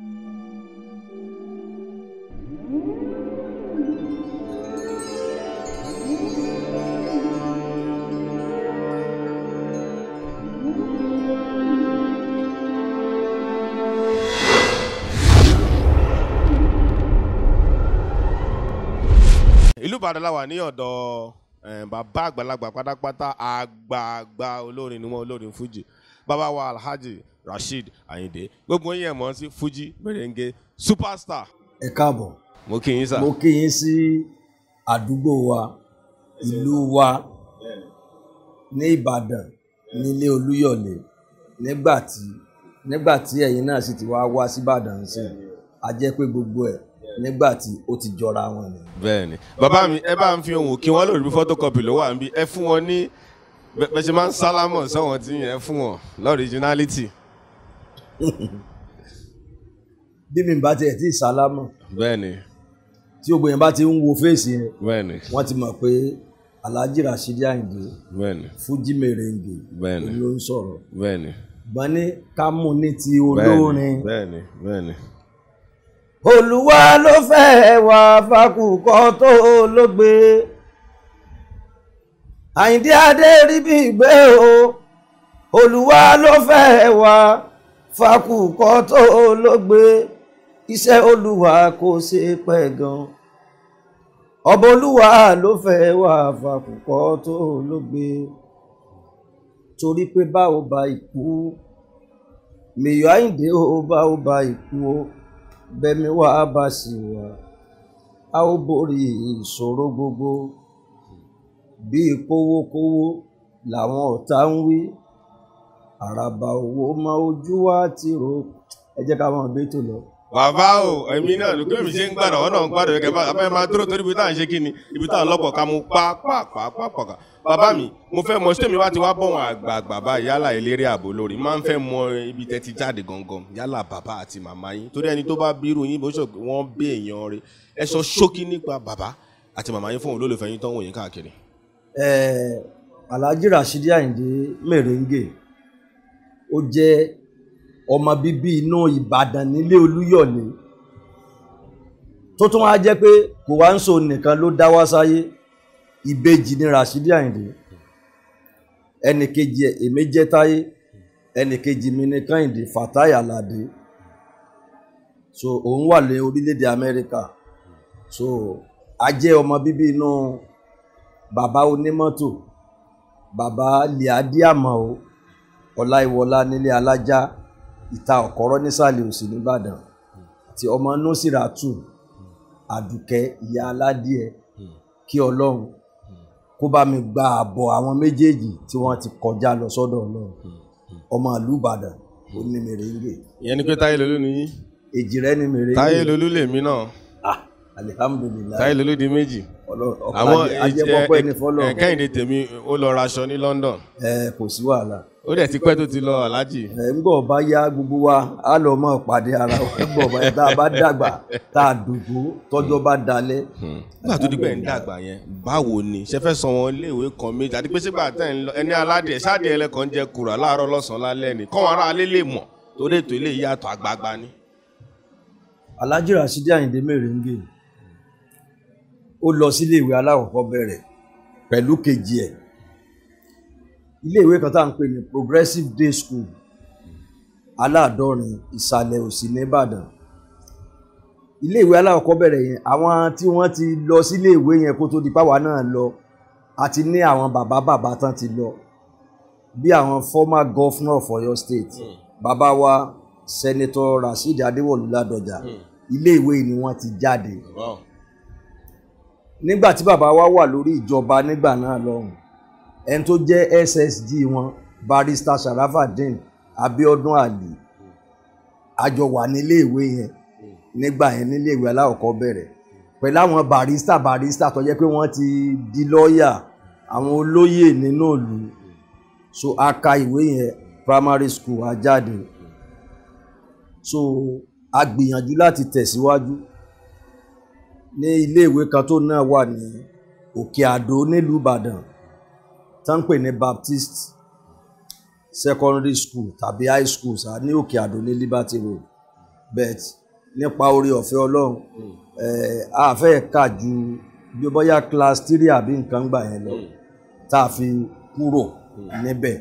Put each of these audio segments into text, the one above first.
ìlú ìbàdàn la wà ní ọ̀dọ̀ eh, bàbá àgbàlagbà pátápátá àgbààgbà olórin ni wọn olórin fújì bàbá wa alhaji rasheed ayinde gbogbo yín ẹ̀ mọ́ sí fuji merenge superstar. ẹ káàbọ̀ mo kí yín sá. mo kí yín sí àdúgbò wa ìlú wa ní ìbàdàn nílé olúyọ̀lé nígbà tí nígbà tí ẹ̀yin náà sì ti wá wá síbàdàn sí a jẹ́ pé gbogbo ẹ̀ nígbà ó ti jọra wọn ni. bẹ́ẹ̀ni bàbá mi ẹ bá ń fi ohùn kí wọn lórí bí photocopy ló wà níbí ẹ fún wọn ní bẹ ṣe máa ń sálámọ sọwọn tí yẹn fún wọn lọrìjínálítì. bí mi bá tiẹ̀ tí ì sálámù. bẹ́ẹ̀ni. tí gbogbo yẹn bá ti ń wo fèsì rẹ̀. bẹ́ẹ̀ni. wọ́n ti mọ̀ pé Alhaji Rasheedi Ayinde. bẹ́ẹ̀ni. Fuji merengue. bẹ́ẹ̀ni. ló ń sọ̀rọ̀. bẹ́ẹ̀ni. gbani kámú ní ti olórin. bẹ́ẹ̀ni bẹ́ẹ̀ni. Olúwa ló fẹ́ wà fakùkọ tó lógbe Àyìndé adé rí bí gbé o Olúwa ló fẹ́ wà fakukọ tó ló gbé iṣẹ́ olúwa kò ṣe pẹ́ gan ọba olúwa ló fẹ́ wà fakukọ tó ló gbé torí pé báwo ba ìkú mèyọ àyíǹde ó báwo ba ìkú ó bẹ̀mí wá bá sì wà a ó borí ìṣòro gbogbo bí ìkówókówó làwọn ọ̀tá ń wí àràbà owó ma ojú wa ti ro ẹ jẹ́ ká máa gbé tó lọ. bàbá o èmi náà ló kémi ṣe ń gbàdọ̀ ọ̀nà ń gbàdọ̀ gẹ́gẹ́ bá abẹ́ máa dúró torí ibi tá à ń ṣe kí ni ibi tá ń lọ́pọ̀ ká mú pàápàápàápàá bàbá mi mo fẹ́ mọ sítẹ́mi wá ti wá bọ̀wọ̀n àgbààgbà bá yálà eléré ààbò lórí máa ń fẹ́ mọ ibi tẹ́ ti jáde gangan yálà bàbá àti màmá yín torí ẹni tó bá bírù yín bó ṣe bí èèyàn rẹ̀ ẹ sọ ṣókí nípa bàbá àti màmá yín fún olólùfẹ́ yín tán wòyìn káàkiri. ẹ Alhaji Rasheedi Ayinde Mèrèǹgè ó jẹ́ ọmọ bíbí inú Ìbàdàn nílé Olúyọ̀lé tó tún wá jẹ́ pé kò wá ń so nìkan ló dá wá sáyé ìbejì ni Rashidi Àyìndé ẹnì kejì èmi jẹ́ Táyé ẹnì kejì mi ni Kẹ́hìndé Fatai Aládé so òun wà lé orílẹ̀-èdè Amẹ́ríkà so a jẹ́ ọmọ bíbí inú bàbá onímọ́tò bàbá Liadi Àmàó ọláìwọlá nílé alájá ìta ọ̀kọ́rọ́ nísàlẹ̀ òsì nìbàdàn àti ọmọ nọ́sìrà tù àdùkẹ́ ìyá aládìẹ kí ọlọ́run kó bá mi gba àbọ̀ àwọn méjèèjì tí wọ́n ti kọjá lọ sọ́dọ̀ ọlọ́run ọmọ ìlú ìbàdàn ó ní mèrèǹgè. ìyẹn ni pé táyé lolú ni yín. èjì rẹ ni mèrèǹgè. táyé lolú lèmi náà. ah alihamudulilayi. táyé lolú di méjì àwọn ìjẹ ẹkẹyìn tèmi ó lọ raṣọ ní London. ẹ kò sí wàhálà ó dẹ̀ ti pẹ́ tó ti lọ aláàjì. ẹ̀ ń gbọ́ bá yá gbogbo wa á lọ mọ́ pàdé ara wa ń gbọ́ bá yá tá a bá dàgbà tá a dògbò tọ́jọ́ bá dalẹ̀. Hmm. nígbà tó di pé ń dàgbà yẹn báwo ni ṣe fẹ́ san iléèwé kan méjì àti pé sígbà tẹ̀ ń lọ ẹni aládìẹ sáàdìẹ ẹlẹ́kan jẹ kura láàárọ̀ lọ́sàn-án lálẹ́ ni kọ́ wọn ará alẹ́ lè mọ̀ torí ètò ilé ìyàtọ̀ àgbààgbà ni. alájì Rasidi Àyìndé Mèrèǹgè ó lọ sílé ìwé alákọ̀ọ́kọ́ bẹ̀rẹ̀ iléèwé kan tá à ń pè ní progressive day school aláàdọ́rin ìsàlẹ̀ òsì nìbàdàn iléèwé alákọ̀ọ́bẹ̀rẹ̀ yẹn àwọn tí wọ́n ti lọ síléèwé yẹn kó tó di páwa náà lọ àti ní àwọn bàbá bàbá tán ti lọ bí àwọn former governor of Ọ̀yọ́ state mm. bàbá wa senator Rasheed Adéwọ̀lú Ládọjà mm. iléèwé ni wọ́n ti jáde wow. nígbà tí bàbá wa wà lórí ìjọba nígbà náà lọ́hùn ẹni tó jẹ́ SSG wọn barrister Sharafadeen Abiodun Ali àjọ wà níléèwé yẹn nígbà yẹn níléèwé aláwọ̀kọ́ bẹ̀rẹ̀ pẹ̀lú àwọn barista barista tó jẹ́ pé wọ́n ti di lọ́ọ̀yà àwọn olóyè nínú ìlú so a ka ìwé yẹn primary school a jáde so a gbìyànjú láti tẹ̀síwájú ní iléèwé kan tó náà wà ní Òkè Àdó nílùú Ìbàdàn tó ń pè ní Baptist secondary school tàbí high school sá ní Òkè Àdó ní Liberty Road bet nípa orí ọ̀fẹ́ Ọlọ́run àfẹ́ kà ju bí bóyá class three àbí nǹkan gbà yẹn lọ tá a fi kúrò níbẹ̀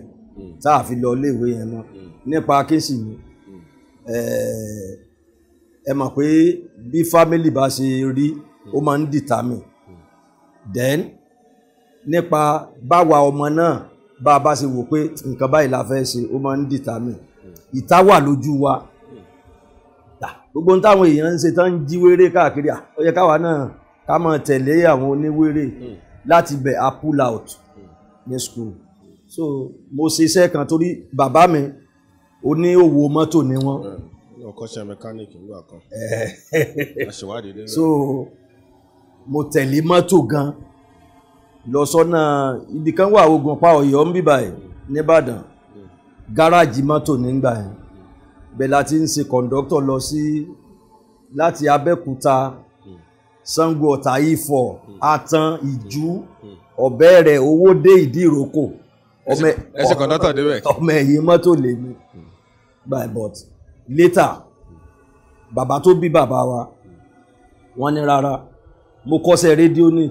tá a fi lọ iléèwé yẹn mọ́ nípa kéésì ni ẹ mọ̀ pé bí family bá ṣe rí ó máa ń determine then nípa báwa ọmọ náà bá a bá ṣe wò pé nǹkan báyìí la fẹ́ ṣe ó máa ń dìtà mí ìta wà lójú wa gbogbo ohun táwọn èèyàn ń ṣe tán ń jí wéré káàkiri ó yẹ káwa náà ká máa tẹ̀lé àwọn oníwéré hmm. láti bẹ̀ a pull out ní school so mo ṣe iṣẹ́ kan torí bàbá mi oníòwò mọ́tò ni wọ́n. ọkọ hmm. mẹkáníìkì nígbà kan. so mo tẹ̀lé mọ́tò gan-an lọ́sọ́nà ibì kan wà ogun pa ọ̀yọ́ ń bíbà ẹ̀ nìbàdàn gáràjì mọ́tò nígbà ẹ̀ bẹ́ẹ̀ láti ń ṣe kọ̀ǹdọ́tọ̀ lọ sí láti abẹ́kúta sango ọ̀tà ifọ̀ atan ìjú ọ̀bẹ rẹ̀ owó dé ìdí ìrókò ọmọ ẹ̀yìn mọ́tò lèmi by but later bàbá tó bí bàbá wa wọ́n ni rárá mo kọ́ṣẹ́ rédíò ní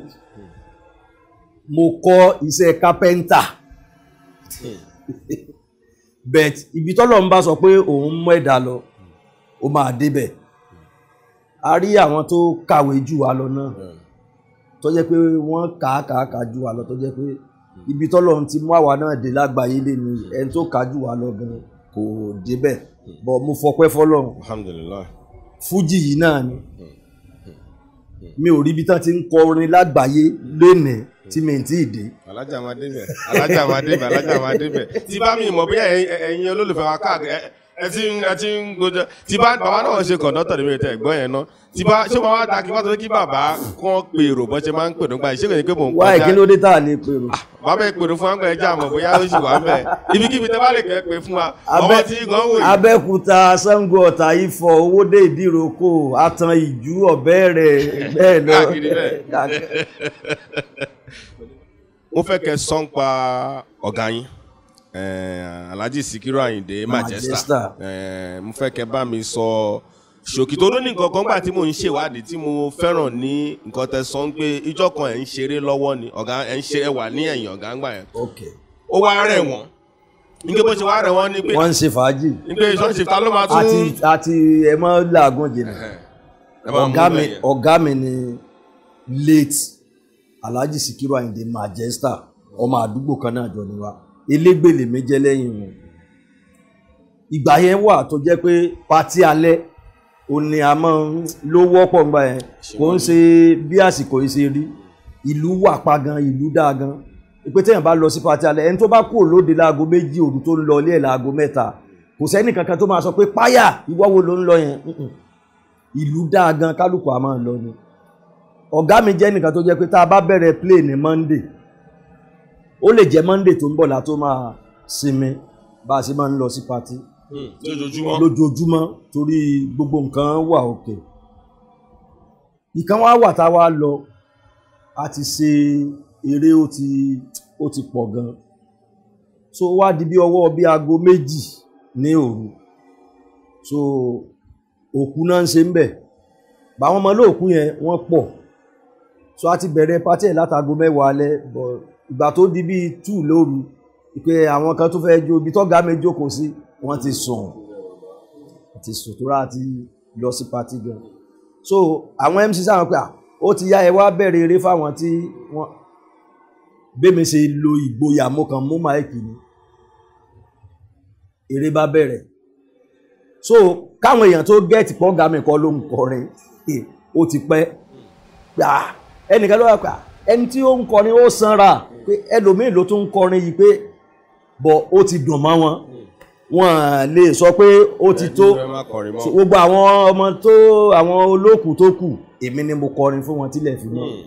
mo kọ́ iṣẹ́ kápẹ́ńtà but ibi tọ́lọ̀ ń bá sọ pé òun mú ẹ̀dá lọ ó máa débẹ̀ a rí àwọn tó kàwé jù wá lọ náà tó jẹ́ pé wọ́n kàá kàá kàá jù wá lọ tó jẹ́ pé ibi tọ́lọ́run ti mú àwa náà dé lágbàáyé lé ní ẹni tó kájú wa lọ gan kò débẹ̀ bọ́ mo fọpẹ́ fọlọ́run alhamdulillah fújì yìí náà ni Hmm. mi ò rí ibi tán ti ń kọrin lágbàáyé lénìí hmm. tí mi ti dé. alájà máa débẹ̀ alájà máa débẹ̀ alájà máa débẹ̀ tí bá mi mọ̀ bóyá ẹ̀yin olólùfẹ́ wa káàkiri ẹ ti ń ẹ ti ń gbọ́dọ̀ tí bá bàbá náà ṣe kọ̀ńdọ́tọ̀ níbi ìtẹ̀ ẹ̀gbọ́n yẹn ná tí bá ṣé wọn wá kí wọn kí bàbá kàn pé bọ́n ṣe máa ń pè nígbà ìṣègùn ni pé mò kọjá. wáyé kí ló dé tá a lè pè rò. Ah, bàbá ẹ pèrò fún àgbẹ̀ ẹja àmọ̀ bóyá ó sì wà mẹ́ ibikíbi tẹ́ bá lè kẹ́ pé fún wa abẹ́kúta sango ọ̀tà ifọ̀ owó dé ìdíròkò atan ìjú ọ̀bẹ rẹ̀ bẹ́ẹ̀ lọ. mo fẹ́ kẹ́ sọ́ńpa ọ̀gá yín. Eh, Alhaji Sikiru Ayinde Manchester eh, mo fẹ́ bá mi sọ ṣòkì tó ló ní nǹkan kan gbà tí mo ń ṣèwádìí tí mo fẹ́ràn ní nǹkan tẹ́ sọ ń pé ìjọ kan ẹ̀ ń ṣeré lọ́wọ́ ni ọ̀gá ẹ̀ ń ṣe ẹ̀wà ní ẹ̀yìn ọ̀gá ńgbà yẹn ó wá rẹ̀ wọ́n nígbà bó ṣe wá rẹ̀ wọ́n ni pé wọ́n ń ṣe fàájì nígbà ìṣọ́ ṣe ta ló máa tún. àti àti ẹ mọ làágùn jìnnà ọ̀gá mi ọ̀gá mi ni late Alhaji Sikiru Ayinde ọmọ àdúgbò kan náà jọ ni wa. elégbèlè mi jẹ́ lẹ́yìn wọn ìgbà yẹn wà tó jẹ́ pé patí alẹ́ òní àmọ́ ló wọ́pọ̀ ńgbà yẹn kò ń ṣe bí àsìkò yìí ṣe rí ìlú wà pa gan ìlú dáa gan pé téèyàn bá lọ sí patí alẹ́ ẹni tó bá kúrò lóde láago méjì òru tó ń lọ ilé ẹ̀ láago mẹ́ta kò sẹ́ni kankan tó máa sọ pé páyà ìwọ wo ló ń lọ yẹn ìlú dáa gan kálukú àmọ́ ń lọ ni ọ̀gá mi jẹ́ nìkan tó jẹ́ pé tá a bá bẹ̀rẹ̀ play Monday ó lè jẹ́ monday tó ń bọ̀ la tó máa sinmi bá a ṣe máa ń lọ sí patí hmm, lójoojúmọ́ lójoojúmọ́ torí gbogbo nǹkan wà òkè ìkan wá wà tá a wá lọ a ti ṣe eré ó ti ó ti pọ̀ gan so ó wá di bí ọwọ́ bí aago méjì ní òru so òkú náà ń ṣe ń bẹ̀ báwọn ọmọ olóòkú yẹn wọ́n pọ̀ so a ti bẹ̀rẹ̀ pátí ẹ̀ látago mẹ́wàá alẹ́ bọ̀ ìgbà tó di bíi tù lóru pé àwọn kan tó fẹ́ẹ́ jó ibi tọ́gá mi jókòó sí wọ́n ti sùn àti sùn tó rà ti lọ sí pati gan so àwọn mc sáwọn pé ó ti yá ẹ wá bẹ̀rẹ̀ eré fáwọn tí wọ́n bẹ́mi ṣe lo ìgboyà mo kàn mú máìkì ni eré bá bẹ̀rẹ̀ so káwọn èèyàn tó gẹ́ẹ̀tì pọ́ńgà mi kọ́ ló ń kọrin ó ti pẹ́ ẹnìkan ló wà pé ẹni tí ó ń kọrin ó sanra. Mm pé ẹlòmíì ló tún ń kọrin yìí pé bọ̀ ó ti dùn mọ́ wọn wọn lè sọ pé ó ti tó gbogbo àwọn ọmọ tó àwọn olókùú tó kù èmi ni mo kọrin fún wọn tílẹ̀ fi mọ́ hmm.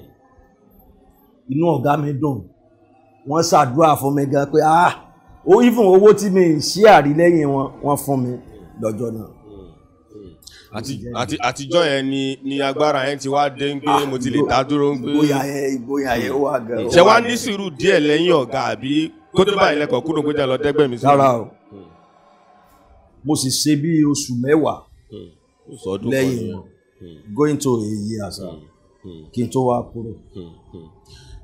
inú ọ̀gá mi dùn wọ́n ṣàdúrà fún mi gan pé ah even owó tí mi ń ṣí àrílẹ́yìn wọn wọ́n fún mi lọ́jọ́ náà àti àtijọ́ yẹn ni ni agbára yẹn ti wá dé ń pé mo ti lè dá dúró ń pé. ìgboyà yẹn ìgboyà yẹn wà gan. ṣé wàá ní sùúrù díẹ̀ lẹ́yìn ọ̀gá àbí kótó báyìí lẹ́kọ̀ọ́ kúrò kó lọ dẹ́gbẹ́ mi sí. rárá o hmm. mo sì ṣe bí oṣù mẹ́wàá hmm. lẹ́yìn hmm. going to a year sir kí n tó wá kúrò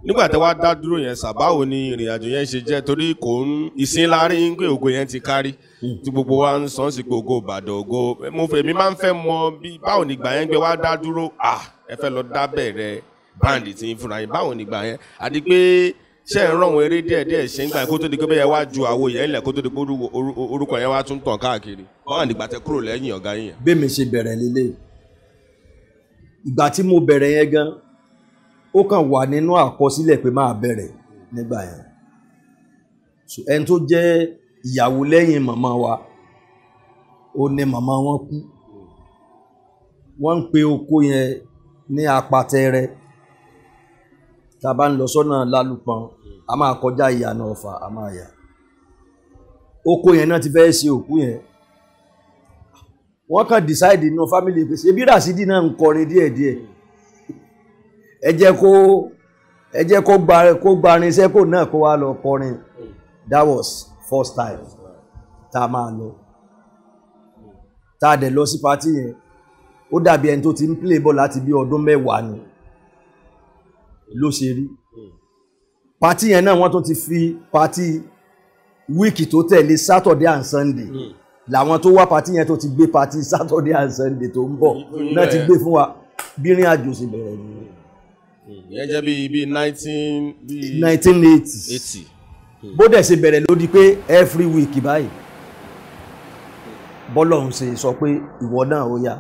nígbà tí wàá dá dúró yẹn sà báwo ni ìrìn àjò yẹn ṣe jẹ́ torí kò ń ìsìn láàrin ń pé ògo yẹn ti kárí hmm. tí gbogbo wa ń sàn sí pé ògo ìbàdàn ògo mo fẹ́ mi máa ń fẹ́ mọ bí báwo ni ìgbà yẹn gbé wàá dá dúró à ẹ fẹ́ lọ dá bẹ̀rẹ̀ báńdì tí ń fúnra yín báwo ni ìgbà yẹn àti pé ṣe ń rán wọn eré díẹ̀ díẹ̀ ṣe ń gbà kó tó di pé bẹ́ẹ̀ wá ju àwo yẹn lẹ̀ kó tó di orúkọ yẹn wá tún tàn káàkiri báwo ni ìgbà tẹ kúrò lẹ́yìn ọ̀gá yẹn. bẹ́ẹ̀ mi ṣe bẹ̀rẹ̀ lélẹ̀ ìgbà tí mo bẹ̀rẹ̀ yẹn gan ó kàn wà nínú àkọsílẹ̀ pé máa bẹ̀rẹ̀ nígbà yẹn so ẹni tó jẹ́ ìyàwó lẹ́yìn màmá wa ó ní màmá wọn kú wọ́n ń pe oko yẹn ní apatẹrẹ tá a bá ń lọ sọ́nà lálùpọ̀n a máa kọjá ìyànà ọ̀fà a máa yà oko yẹn náà ti fẹ́ ṣe òkú yẹn wọ́n kàn decide inú family pé ṣebí Rasidi náà ń kọrin díẹ̀díẹ̀. Mm. ẹ jẹ́ kó ẹ jẹ́ kó gba kó gba irinṣẹ́ kó náà kó wá lọ kọrin that was first time tá a máa lọ tá a dẹ̀ lọ sí pati yẹn ó dàbí ẹni tó ti ń play ball láti bí ọdún mẹ́wàá ni ló ṣe rí pati yẹn náà wọ́n tún ti fi pati wíìkì tó tẹ̀lé Saturday and Sunday hmm. làwọn tó wá pati yẹn tó ti gbé pati Saturday and Sunday tó ń bọ̀ hmm. náà ti hmm. gbé fún wa bí àjò sì bẹ̀rẹ̀ nìyẹn ìyẹn hmm, jẹ́ bíi bíi nineteen bíi nineteen eighty eighty hmm. bó dẹ̀ ṣe bẹ̀rẹ̀ ló di pé every week báyìí bọ́lọ́hún ṣe sọ pé ìwọ náà ó yá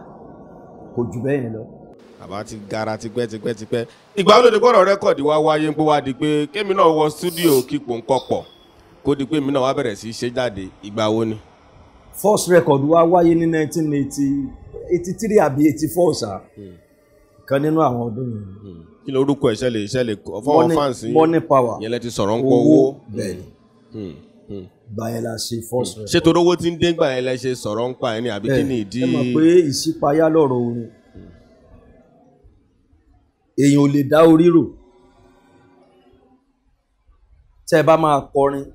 kò jù bẹ́ẹ̀ yẹn lọ. àbá ti gara tipẹ́ tipẹ́ tipẹ́ ìgbà wo ló di kọ́rọ̀ rẹ́kọ̀dì wá wáyé pé wá di pé kémi náà wọ stúdíò kíkó ń kọ́pọ̀ kó di pé mi náà wá bẹ̀rẹ̀ sí í ṣe jáde ìgbà wo ni. first record wá wáyé ní nineteen eighty eighty three àbí eighty four ṣá hmm. kan nínú àwọn ọdún yẹn kí ló orúkọ ẹ̀ṣẹ́ lè ṣẹ́ lè fọwọ́ fáǹsì power yẹn lẹ ti sọ̀rọ̀ ń pọ̀ owó bẹ́ẹ̀ ni hmm, hmm. báyẹn la ṣe first hmm. rẹ. ṣé torówó ti ń dé gbà yẹn lẹ ṣe sọ̀rọ̀ ń pa ẹ̀ ni àbí kí ni ìdí. ẹ mọ̀ pé ìṣípayá lọ̀rọ̀ orin èèyàn ò lè dá orí rò tẹ́ ẹ bá máa kọrin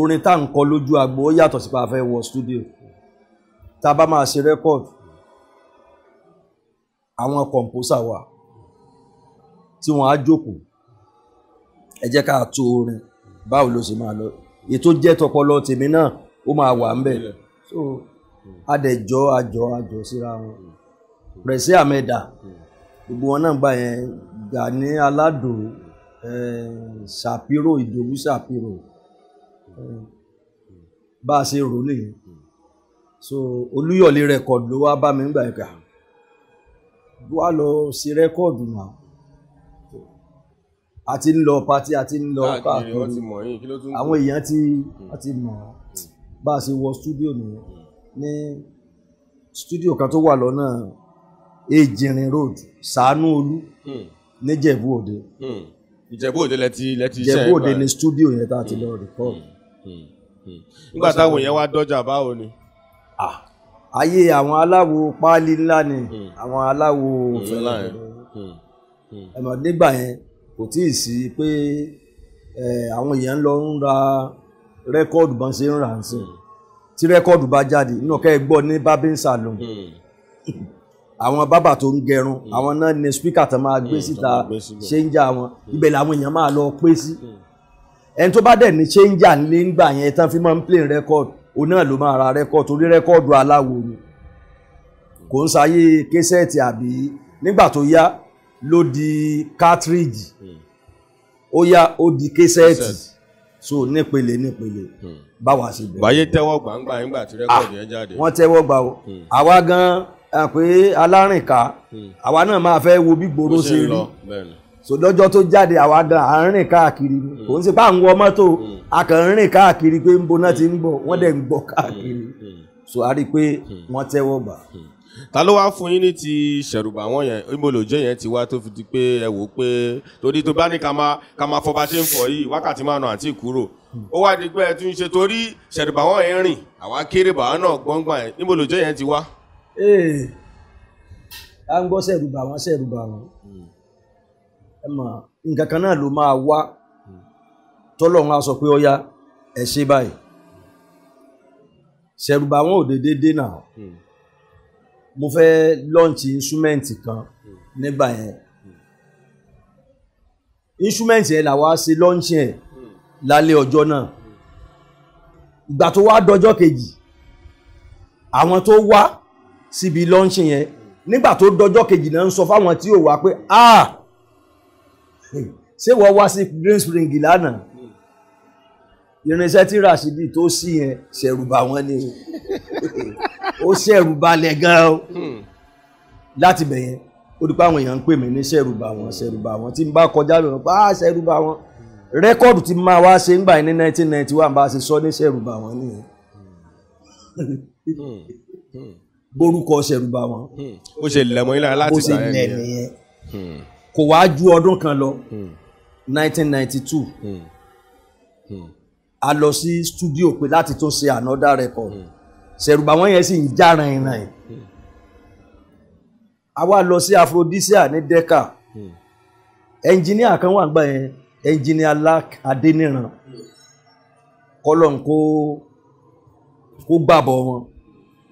orin tá à ń kọ lójú agbo ó yàtọ̀ sí pa wọ studio tá a bá máa ṣe rẹ́kọ̀dì àwọn kọ̀ǹpósà wà. tí wọn á jókòó ẹ jẹ ká orin báwo ló ṣe máa lọ ètò jẹ́ tọpọlọ tèmi náà ó máa wà ńbẹ̀ so adẹjọ àjọ àjọ síra wọn pẹ̀sì àmẹ́dà gbogbo wọn náà gbà yẹn Gani Alado Ṣàpírò Ìdòwú Ṣàpírò bá a ṣe so Olúyọ̀lé ló wá bá mi ń gbà lọ ṣe náà. a ti ń lọ pati a ti ń lọ káàkiri àwọn èèyàn ti hmm. wọ́n ti mọ̀ bá a ṣe wọ studio nìyẹn hmm. ní studio kan tó wà lọ́nà ejirin road sàánú olú hmm. níjẹ̀bú òde. ìjẹ̀bú òde lẹ́tí iṣẹ́ ìgbà ìjẹ̀bú òde ni studio yẹn tá a ti lọ record. nígbà táwọn yẹn wá dọ́jà báwo ni. ayé àwọn aláwo páálí ńlá ni àwọn aláwo fẹlẹ ẹ mọ nígbà yẹn kò tí ì sí pé àwọn èèyàn lọ ń ra rẹ́kọ́ọ̀dù bá ń ṣe ń rà ń sìn tí rẹ́kọ́ọ̀dù bá jáde nínú ọ̀kẹ́ gbọ́ ní bábíń salon hmm. àwọn bábà tó ń gẹrun hmm. àwọn náà ní spíkà tó máa gbé hmm, síta ṣéńjà wọn ibẹ̀ làwọn èèyàn máa lọ pé sí ẹni tó bá dẹ̀ ní ṣéńjà nílé ńgbà yẹn tán fi máa ń play record òun náà ló máa ra record torí record aláwo ni kò ń sáyé késẹ́ẹ̀tì àbí nígbà tó yá ló di cartridge hmm. ó yá ó di késẹ́ẹ̀tì so nípele nípele hmm. báwa ṣe bẹ̀rẹ̀. báyé tẹ́wọ́ gbàǹgbà nígbà tí ah, rẹ́kọ̀dì yẹn jáde. wọ́n tẹ́wọ́ gbà o hmm. àwa gan-an pé alárìnká àwa náà máa fẹ́ wo bí gbòòrò ṣe rí so lọ́jọ́ tó jáde àwa gan à ń rìn káàkiri kò ń ṣe bá ń wọ mọ́tò a káàkiri pé ń bo náà ti ń bọ̀ wọ́n dẹ̀ ń gbọ́ káàkiri so a rí i pé wọ́n tẹ́wọ́ gbà. Hmm ta ló wá fún yín ní ti ṣẹ̀rùbà wọ́n yẹn ìmọ̀lòjẹ́ yẹn ti wá tó fi di pé ẹ wò ó pé torí tó bá ní ká máa ká máa fọba ṣe ń fọ yìí wákàtí márùn àti ìkúrò ó wá di pé ẹ tún ṣe torí ṣẹ̀rùbà wọ́n yẹn rìn àwa kéré bàá náà gbọ́ngbọ́n ẹ̀ ìmọ̀lòjẹ́ yẹn ti wá. ee eh, a ń gbọ́ ṣẹ̀rùbà wọn ṣẹ̀rùbà wọn ẹ mọ̀ nǹkan kan náà ló máa wá tọ́lọ́run ṣẹ̀rùbà wọn ò déédéé dé náà. Hmm mo fẹ́ lọ́ǹchì instrument kan nígbà yẹn instrument yẹn làwa ṣe lọ́ǹchì yẹn lálẹ́ ọjọ́ náà ìgbà tó wá dọjọ́ kejì àwọn tó wá síbi lọ́ǹchì yẹn nígbà tó dọjọ́ kejì náà ń sọ fáwọn tí ò wá pé ah ṣé wọ́n wá sí Green Spring lánàá irinṣẹ́ tí Rasidi tó sí yẹn ṣẹ̀rùbà wọn ni ó ṣẹ̀rùbà lẹ̀ gan o hmm. láti bẹ̀ yẹn ó dúpẹ́ àwọn èèyàn ń pè mí ní ṣẹ̀rùbà wọn ṣẹ̀rùbà wọn tí n bá kọjá lọ́nà pa á ah, ṣẹ̀rùbà wọn rẹ́kọ̀dù tí máa wá ṣe ńgbà ní 1991 bá a ṣe sọ ní ṣẹ̀rùbà wọn nìyẹn hmm. hmm. borúkọ ṣẹ̀rùbà wọn. ó ṣe lẹ̀mọ́ ilé láti gbà ẹ̀ nìyẹn kò wá ju ọdún kan lọ 1992 a lọ sí studio pé láti tún ṣe another record hmm. ṣẹ̀rùbà wọ́n yẹn sì ń já rìnrìn hmm. a wá lọ sí aphrodisia ní Decca ẹnjìníà hmm. kan wà gbà yẹn ẹnjìníà Lark Adéníran kọ́lọ̀ ń kó kó gbàbọ̀ wọn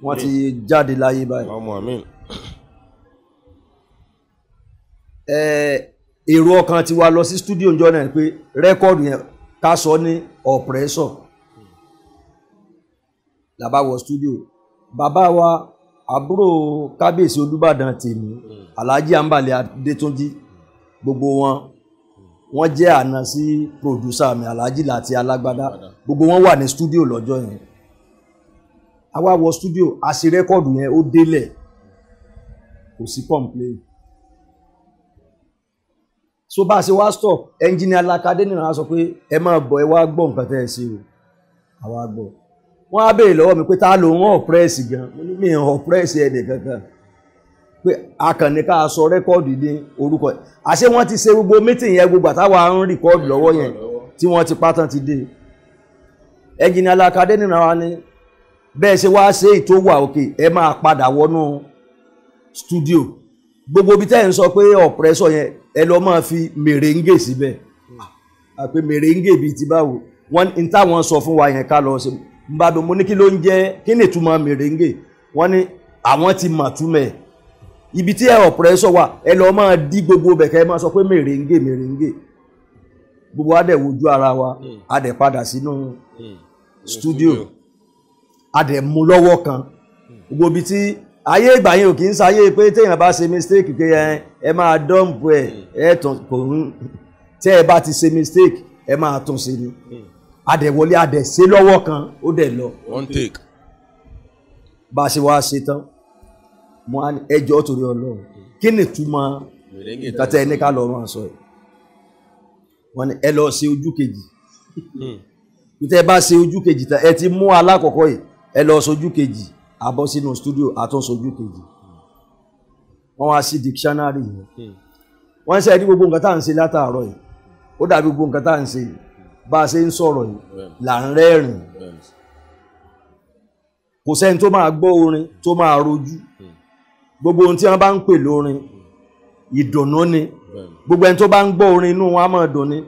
wọ́n ti jáde láyé báyìí. ẹ èrò ọkàn tiwa lọ sí studio ǹjọ́ náà pé rẹ́kọ̀dù yẹn ká sọ ní oppressor làbá wọ studio bàbá wa àbúrò kábíyèsí olùbàdàn tèmi alhaji ambali adétúnjì gbogbo wọn wọn jẹ àna sí pòdùsà mi alhaji láti alágbádá gbogbo wọn wà ní studio lọ́jọ́ yẹn àwa wọ studio àṣì rẹkọọdù yẹn ó délẹ̀ kò sí complain so bá a ṣe wá stop ẹnjìnìà lakadé nìyẹn wá sọ pé ẹ máa bọ̀ ẹ wá gbọ́ nǹkan tẹ́ ẹ ṣe o àwa gbọ́ wọ́n á béèrè lọ́wọ́ mi pé ta ló ń ọ̀pẹ́rẹ́sì gan mo ní mi ń ọ̀pẹ́rẹ́sì ẹnì kankan pé akànnì ká sọ rẹ́kọ́ọ̀dù ní orúkọ ẹ̀ àṣé wọ́n ti ṣe gbogbo mítìn yẹn gbogbo àtàwà ń rìkọ́ọ̀dù lọ́wọ́ yẹn tí wọ́n ti pátán ti dé ẹnjìnìà lakadé nìyẹn wá ní bẹ́ẹ̀ ṣe wá ṣe ètò òkè ẹ máa padà wọnú stúdíò gbogbo ibi tẹ́ ẹ̀ ń sọ pé ọ̀pẹ́sọ̀ yẹn ẹ lọ́ máa fi mèrèǹgè síbẹ̀ àpè mèrèǹgè bíi ti báwo wọ́n ní táwọn sọ fún wa yẹn ká lọ sí mbàdàn mo ní kí ló ń jẹ́ kí ni ìtumọ̀ mèrèǹgè wọ́n ní àwọn ti mà túmẹ̀ ibi tí ẹ ọ̀pẹ́sọ̀ wà ẹ lọ́ máa dí gbogbo bẹ̀kẹ́ ẹ máa sọ pé mèrèǹgè mèrèǹgè gbogbo wa wojú ara wa a padà sínú hmm. Hmm. studio hmm. a dẹ̀ mú lọ́wọ́ kan gbogbo ibi tí ayé ìgbà yẹn ò kì í sáyé pé téèyàn bá ṣe mistake pé ẹ máa dọ́ǹpù ẹ ẹ tàn kò ń tẹ́ ẹ bá ti ṣe mistake ẹ máa tún ṣe ni adẹ̀wọlé adẹ̀ṣe lọ́wọ́ kan ó dẹ̀ lọ. one take. bá a ṣe wá ṣe tán mo á ní ẹjọ́ torí ọlọ́run kí ni túmọ̀ tata ẹni ká lọ́ọ́ máa sọ ẹ̀ wọ́n ní ẹ lọ ṣe ojú kejì hmm. tẹ́ ẹ bá ṣe ojú kejì tán ẹ ti mú alákọ̀ọ́kọ́ yìí ẹ lọ ṣojú kejì a bọ́ sínú studio àtúnṣojú kejì wọ́n wá sí dictionary yẹn wọ́n ń ṣe ẹni gbogbo nǹkan tá à ń ṣe látàárọ̀ yìí ó dàbí gbogbo nǹkan tá à ń ṣe bá a ṣe ń sọ̀rọ̀ yìí là ń rẹ́rìn kò sẹ́ni tó máa gbọ́ orin tó máa rojú gbogbo ohun tí wọ́n bá ń pè lórin ìdùnnú ni gbogbo ẹni tó bá ń gbọ́ orin inú wọn á máa dùn ni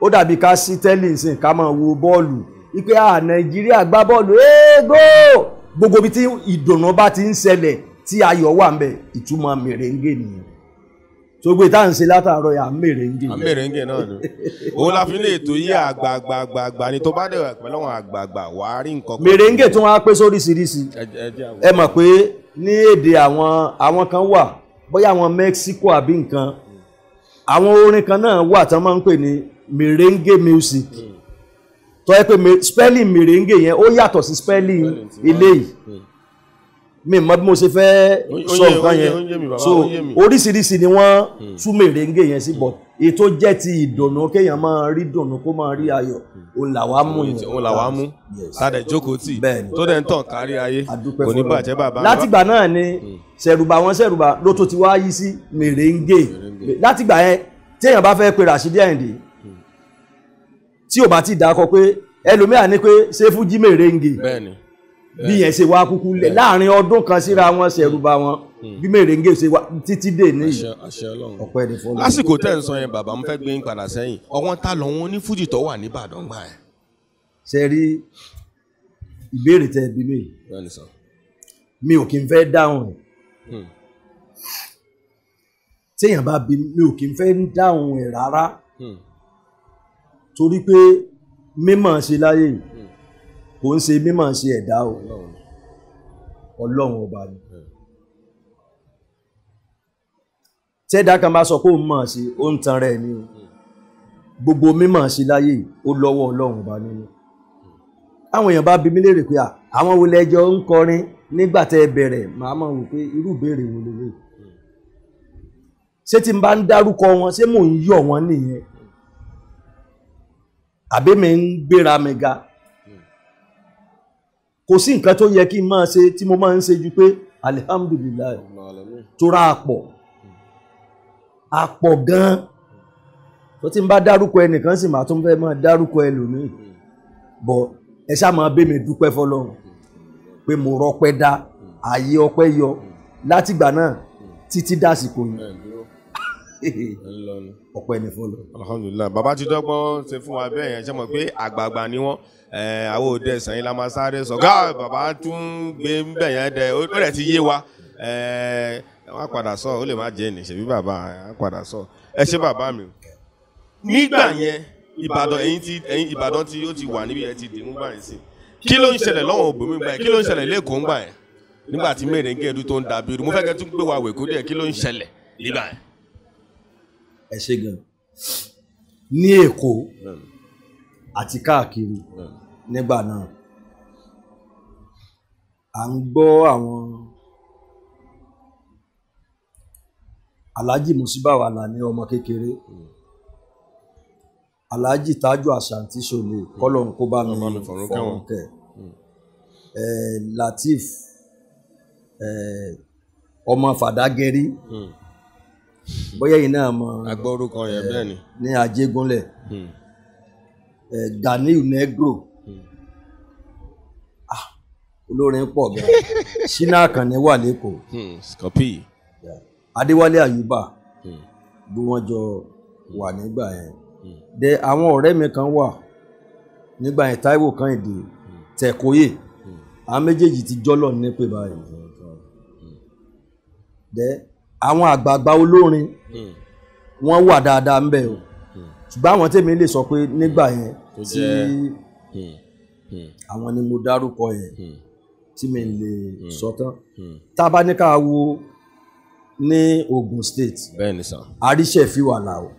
ó dàbí ká sí tẹ́lẹ̀ nsìn ká máa wo bọ́ọ̀lù wípé à nàìjíríà gbá bọ́ọ̀lù éégó. Hey, gbogbo ibi tí ìdùnnú bá ti ń ṣẹlẹ̀ tí ayọ̀ wà ń bẹ̀ ìtumọ̀ mèrèǹgè nìyẹn sogbe tá à ń ṣe látàárọ̀ yà mèrèǹgè. mèrèǹgè náà ni òun la fi lè tó yí àgbààgbààgbà ni tó bá dẹ̀ wà pẹ̀lú àwọn àgbààgbà wà á rí nǹkan. mèrèǹgè tí wọ́n á pé sóríṣiríṣi ẹ mọ̀ pé ní èdè àwọn àwọn kan wà bóyá àwọn Mexico àbí nǹkan àwọn orin kan náà wà tí máa ń pè ní mèrèǹgè music. Mm tọ́ ẹ pé spelling mèrèǹgè yẹn ó yàtọ̀ sí spelling eléyìí hmm. mi mọ bí mo ṣe fẹ́ sọ nǹkan yẹn so oríṣiríṣi ni wọ́n hmm. tún mèrèǹgè yẹn sí but hmm. ètò jẹ́ ti ìdùnnú kéèyàn máa rí dùnnú kó máa rí ayọ̀ òun làwa mú yẹn. òun làwa mú tàdé jókòó tì tó dẹ̀ ń tàn kárí ayé kò ní bàjẹ́ bàbá. látìgbà náà ni ṣẹ̀rùbà wọn ṣẹ̀rùbà ló tó ti wá yí sí mèrèǹgè látìgbà yẹn téèyàn bá fẹ́ pe Rashidi Ayinde tí ò bá ti dákọ pé ẹlòmíà ní pé ṣé fújì mèrèǹgè bí yẹn ṣe wá kúkú lẹ láàrin ọdún kan síra wọn ṣẹrùbà wọn hmm. bí mèrèǹgè ṣe wá títí dè ní ọpẹ́ ní fọlọ. lásìkò tẹ́ ń sọ yẹn bàbá mo fẹ́ gbé yín padà sẹ́yìn ọwọ́n ta lọ́wọ́ ní fújì tó wà níbàdàn gbà ẹ̀. ṣe rí ìbéèrè tẹ bí mi mi ò kí n fẹ́ dáhùn ẹ̀ hmm. téèyàn bá bí mi ò kí n fẹ́ dáhùn ẹ̀ rárá. Hmm torí pé mímọ̀ ṣe láyé yìí kò ń ṣe mímọ̀ ṣe ẹ̀dá o ọlọ́run ọba ni. tẹ́dá kan bá sọ pé òun mọ̀ ṣe ó ń tan rẹ̀ ni o gbogbo mímọ̀ ṣe láyé yìí ó lọ́wọ́ ọlọ́run ọba nínú. àwọn èèyàn bá bi mí léèrè pé àwọn wo lẹ́jọ́ ń kọrin nígbà tẹ́ ẹ bẹ̀rẹ̀ màá mọ̀ wò pé irú ìbéèrè wo lè lè ṣé tí n bá ń dárúkọ wọn ṣé mò ń yọ̀ wọ́n nìyẹn àbí mi ń gbéra mi ga hmm. kò sí nǹkan tó yẹ kí n máa ṣe tí mo máa ń ṣe ju pé alihamudulilayi tora àpọ̀ hmm. àpọ̀ gan-an tó ti ń bá dárúkọ ẹnìkan sì máa tún fẹ́ máa dárúkọ ẹlòmíì hmm. bọ̀ ẹ ṣáà máa bẹ́ mi dúpẹ́ fọlọ́run pé mo rọpẹ́ dá ààyè ọpẹ́ yọ látìgbà náà títí dásìkò yìí ọpẹ́ ni fún lọ. alhamdulilayi baba ti dọ́gbọ́n ṣe fún wa bẹ́ẹ̀ yẹn ṣe mọ̀ pé àgbààgbà ni wọ́n àwọn òde ẹ̀sán yìí la máa sáré sọ gáà baba tún gbé ń bẹ̀ yẹn dẹ ó rẹ̀ ti yé wa wọ́n á padà sọ ó lè má jẹ́ ẹnì ṣèbí bàbá á padà sọ ẹ ṣé bàbá mi. nígbà yẹn ìbàdàn ẹ̀yin ti ẹ̀yin ìbàdàn tí ó ti wà níbi ẹ ti dì ń gbà yẹn sí kí ló ń ṣẹlẹ̀ lọ́wọ́ òbí mi gbà yẹn kí ló ń ṣẹlẹ̀ lẹ́kọ̀ọ́ ń gbà yẹn nígbà tí mèrè ń gẹ̀ẹ́dú tó ń dàbí mo fẹ́ kẹ́ tún gbé wa wèkú díẹ̀ kí ló ń ṣẹlẹ̀ nígbà yẹn ẹ ṣe gan ní Èkó àti káàkiri nígbà náà à ń gbọ́ àwọn Alhaji Musibawa Alani ọmọ kékeré Alhaji Tájù Àṣàǹtì Ṣòlè kọlọ̀n kó bá mi fọ̀rùn kẹ̀ Latif ọmọ Fàdágẹ́rí. Mm bóyá yìí náà mọ agbọ́ orúkọ yẹn eh, bẹ́ẹ̀ ni ní Ajégúnlẹ̀ Ganiu hmm. eh, Negro hmm. ah, olórin pọ̀ bẹ́ẹ̀ Ṣínà Àkànní wà lẹ́kọ̀ọ́ hmm, Scorpi Adéwálé Àyùbá bí wọ́n jọ wà nígbà yẹn de àwọn ọ̀rẹ́ mi kan wà nígbà yẹn Táíwò Kàyìndé Tẹ̀kóyè àwọn méjèèjì ti jọ́lọ̀ nípè báyìí de àwọn àgbààgbà olórin hmm. wọ́n wà dáadáa ńbẹ̀ o hmm. ṣùgbọ́n àwọn tèmi lè sọ pé nígbà yẹn tí hmm. àwọn ni mo dárúkọ yẹn tí mi lè sọ tán tá a bá ní ká wo ní Ogun State àríṣẹ́ fi wà láwọ̀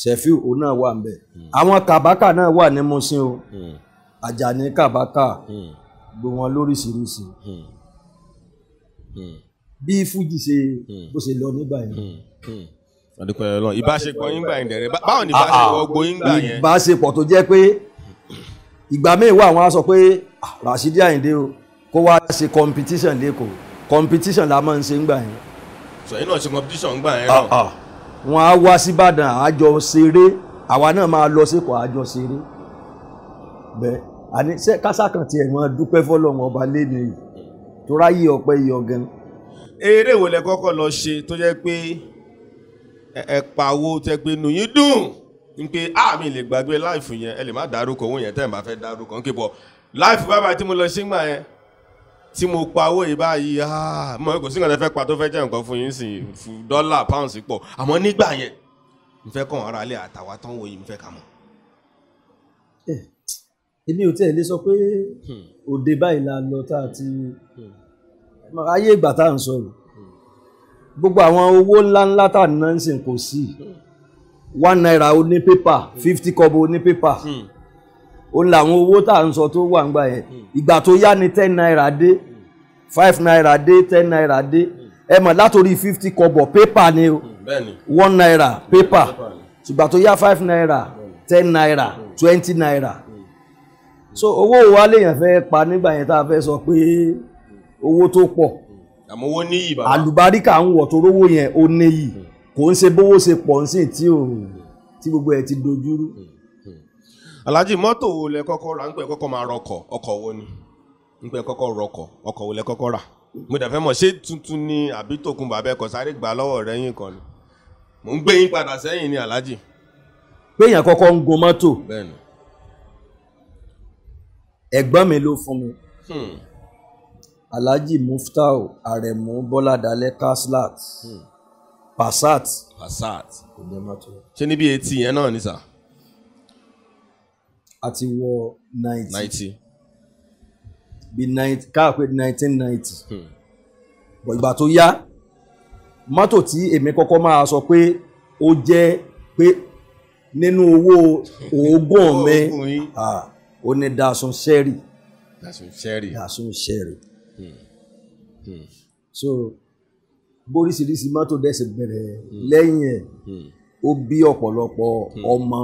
sefiu òun náà wà nbẹ àwọn kàbákà náà wà ní Mùṣín o Àjàní kàbákà gbogbo wọn lóríṣiríṣi bí fújì ṣe hmm. bó ṣe lọ nígbà yẹn àdúpẹ́ hmm. hmm. ọlọ́run ìbáṣepọ̀ yín gbà yín dẹ̀rẹ̀ báwọn ni ah, ah. ìbáṣepọ̀ gbó yín gbà yẹn. ìbáṣepọ̀ tó jẹ́ pé ìgbà míì wà wọ́n á sọ pé ah, Rasidi Ayinde o kó wá ṣe competition lẹ́kọ̀ọ́ competition la máa ń ṣe ńgbà yẹn. sọyìn náà ṣe competition ńgbà yẹn náà. wọ́n á wá síbàdàn àjọ ṣeré àwa náà máa lọ síkọ̀ àjọ ṣeré bẹ́ẹ̀ àní kásá kan tiẹ̀ wọ́n dúpẹ́ fọlọ́run ọba lẹ́nu yìí tó ráyè ọpẹ́ yọ gan-an eré wo lẹ kọ́kọ́ lọ ṣe tó jẹ́ pé ẹ pàwo tẹ pé nù yín dùn ní pé àmì lè gbàgbé láìfù yẹn ẹ lè má dárúkọ owó yẹn tẹ́ ẹ̀ bá fẹ́ dárúkọ ń kébọ̀ láìfù bàbá tí mo lọ ṣe ń gbà yẹn tí mo pa owó yìí báyìí mọ kò sí nǹkan tẹ́ fẹ́ pa tó fẹ́ jẹ́ nǹkan fún yín sí fún dọ́là pounds pọ̀ àmọ́ nígbà yẹn n fẹ́ kàn ara lé àtàwà tán wòye n fẹ́ kà mọ́. Eh, èmi ò tẹ̀ lé sọ pé hmm. òde báyìí la lọ tá a ti hmm ayé ìgbà tá à ń sọ̀rọ̀ gbogbo àwọn owó ńláńlá tá à ń náà ń sìn kò sí one naira oní pépà fifty kọ́bọ̀ oní pépà òun làwọn owó tá à ń sọ tó wà ń gbà yẹn ìgbà tó yá ni ten naira dé five naira dé ten naira dé ẹ mọ̀ látòrí fifty kọ́bọ̀ pépà ni one naira pépà ṣùgbà tó yá five naira ten naira twenty naira so owó wa lèèyàn fẹ́ pa nígbà yẹn tá a fẹ́ sọ pé. So, owó tó pọ̀ àmọ́ owó níyì bàbá àlùbáríkà ń wọ̀ tó rówó yẹn ó níyì hmm. kò ń ṣe bówó ṣe pọ̀ ń sìn tí òun tí gbogbo ẹ̀ ti dojúrú. Hmm. Hmm. Alhaji mọ́tò wo lẹ kọ́kọ́ ra ń pẹ́ kọ́kọ́ máa rọkọ̀ ọkọ̀ wo ni ń pẹ́ kọ́kọ́ rọkọ̀ ọkọ̀ wo lẹ kọ́kọ́ rà mo dẹ̀ fẹ́ mọ̀ ṣé tuntun ni àbí tòkun bàbá ẹ̀kọ́ sáré gbà lọ́wọ́ rẹ yín kan ni mò ń gbé yín padà sẹ́yìn ni Alhaji. péyàn kọ́kọ́ ń gun mọ́tò ẹ̀gbọ́n mi ló fún mi alhaji muftau aremu bọ́ládàlẹ̀ kaslat pasat. Hmm. passat. passat ṣé níbi etí yẹn náà ni sà. a ti wọ ninety. ninety. bí ninety káàpé nineteen ninety. Hmm. bọ̀ ìgbà tó yá mọ́tò tí èmi kọ́kọ́ máa sọ pé ó jẹ́ pé nínú owó oògùn mi ó ní dasun sherry. dasun sherry. Hmm. Hmm. so bóríṣiríṣi mọ́tò dẹ̀sẹ̀ bẹ̀rẹ̀ hmm. lẹ́yìn ẹ̀ ó bí ọ̀pọ̀lọpọ̀ ọmọ.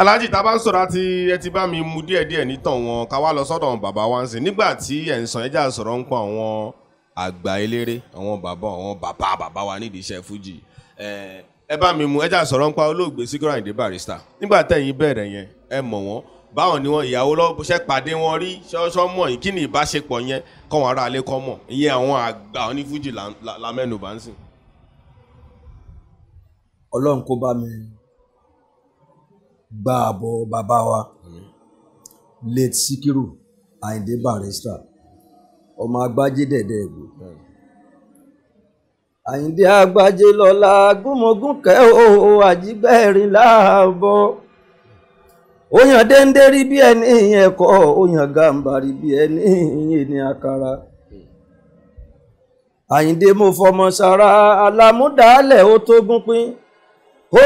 Alhaji tá a bá ń sọ̀rọ̀ àti ẹ ti bá mi mu díẹ̀díẹ̀ nítàn wọn ká wá lọ sọ́dọ̀ bàbá wa ń sìn nígbà tí ẹ̀ ń sàn ẹja sọ̀rọ̀ ń pa àwọn àgbà eléré àwọn bàbá àwọn bàbá bàbá wa nídìí iṣẹ́ fújì ẹ bá mi mu ẹja sọ̀rọ̀ ń pa olóògbé Síkírù Àyìndé nígbà tẹ̀yìn bẹ̀rẹ̀ yẹn ẹ mọ̀ wọ́n báwọn ni wọn ìyàwó lọ́bùṣẹ́ pàdé wọn rí ṣọ́ṣọ́ mọ̀ kí ni ìbáṣepọ̀ yẹn kọ́ wọn ará ilé kọ́ mọ̀ ìyẹn àwọn àgbà onífújì lamẹ́nu bá ń sìn. ọlọ́run kó bá mi gba àbọ̀ bàbá wa late Sikiru Àyìndé Barrister ọmọ agbájé dẹ̀dẹ̀ ẹ̀gbọ́n. Àyìndé agbájé lọ́la gúnmọ̀gún kẹ́ ò àjíbẹ̀rin láàbọ̀. onye dẹ́ndé rí bí ẹni ìyẹn gamba oyan gàǹbà rí bí ẹni ìyẹn ní àkàrà. àyíndé mo fọmọ sára alámúdálẹ̀ ó tógún o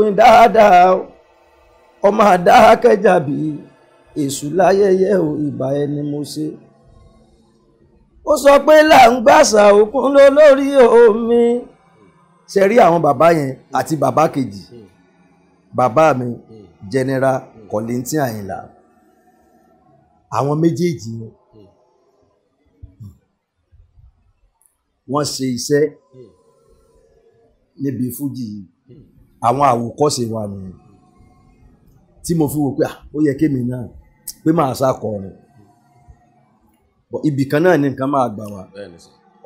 o dáadáa ọmọ ẹni mo ṣe. ó sọ pé là ń gbàṣà òkun ló lórí omi ṣe rí àwọn bàbá yẹn àti bàbá kejì bàbá mi general Kollington Àyìnlá àwọn méjèèjì yẹn wọ́n ṣe iṣẹ́ níbi fújì yìí àwọn àwòkọ́ṣe wa nìyẹn tí mo fi wò pé ó yẹ kémi náà pé màá sá kọrin ibì kan náà ni nǹkan máa gbà wá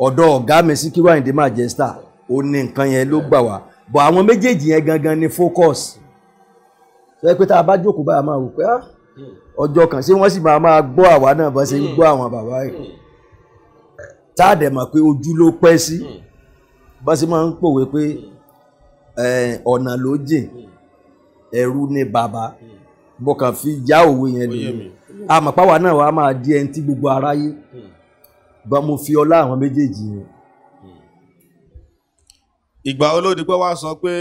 ọ̀dọ̀ ọ̀gá mi Síkírù Àyìndé máa jẹ́ star ó ní nǹkan yẹn ló gbà wá bọ̀ àwọn méjèèjì yẹn gangan ni focus tó yẹ pé tá a bá jókòó báyà máa wò pé ah, ọjọ́ kan ṣé wọ́n sì máa máa gbọ́ àwa náà bá ṣe ń gbọ́ àwọn bàbá yìí hmm. tá a dẹ̀ mọ̀ pé ojú ló pẹ́ sí hmm. bá ṣe máa ń pòwe pé hmm. ọ̀nà ló jìn ẹ̀rù ni bàbá mo fi yá òwe yẹn lè mi àmọ̀páwa náà wàá máa di ẹni tí gbogbo aráyé bá mo fi ọlá àwọn méjèèjì yẹn. ìgbà olódìpẹ́ wa sọ pé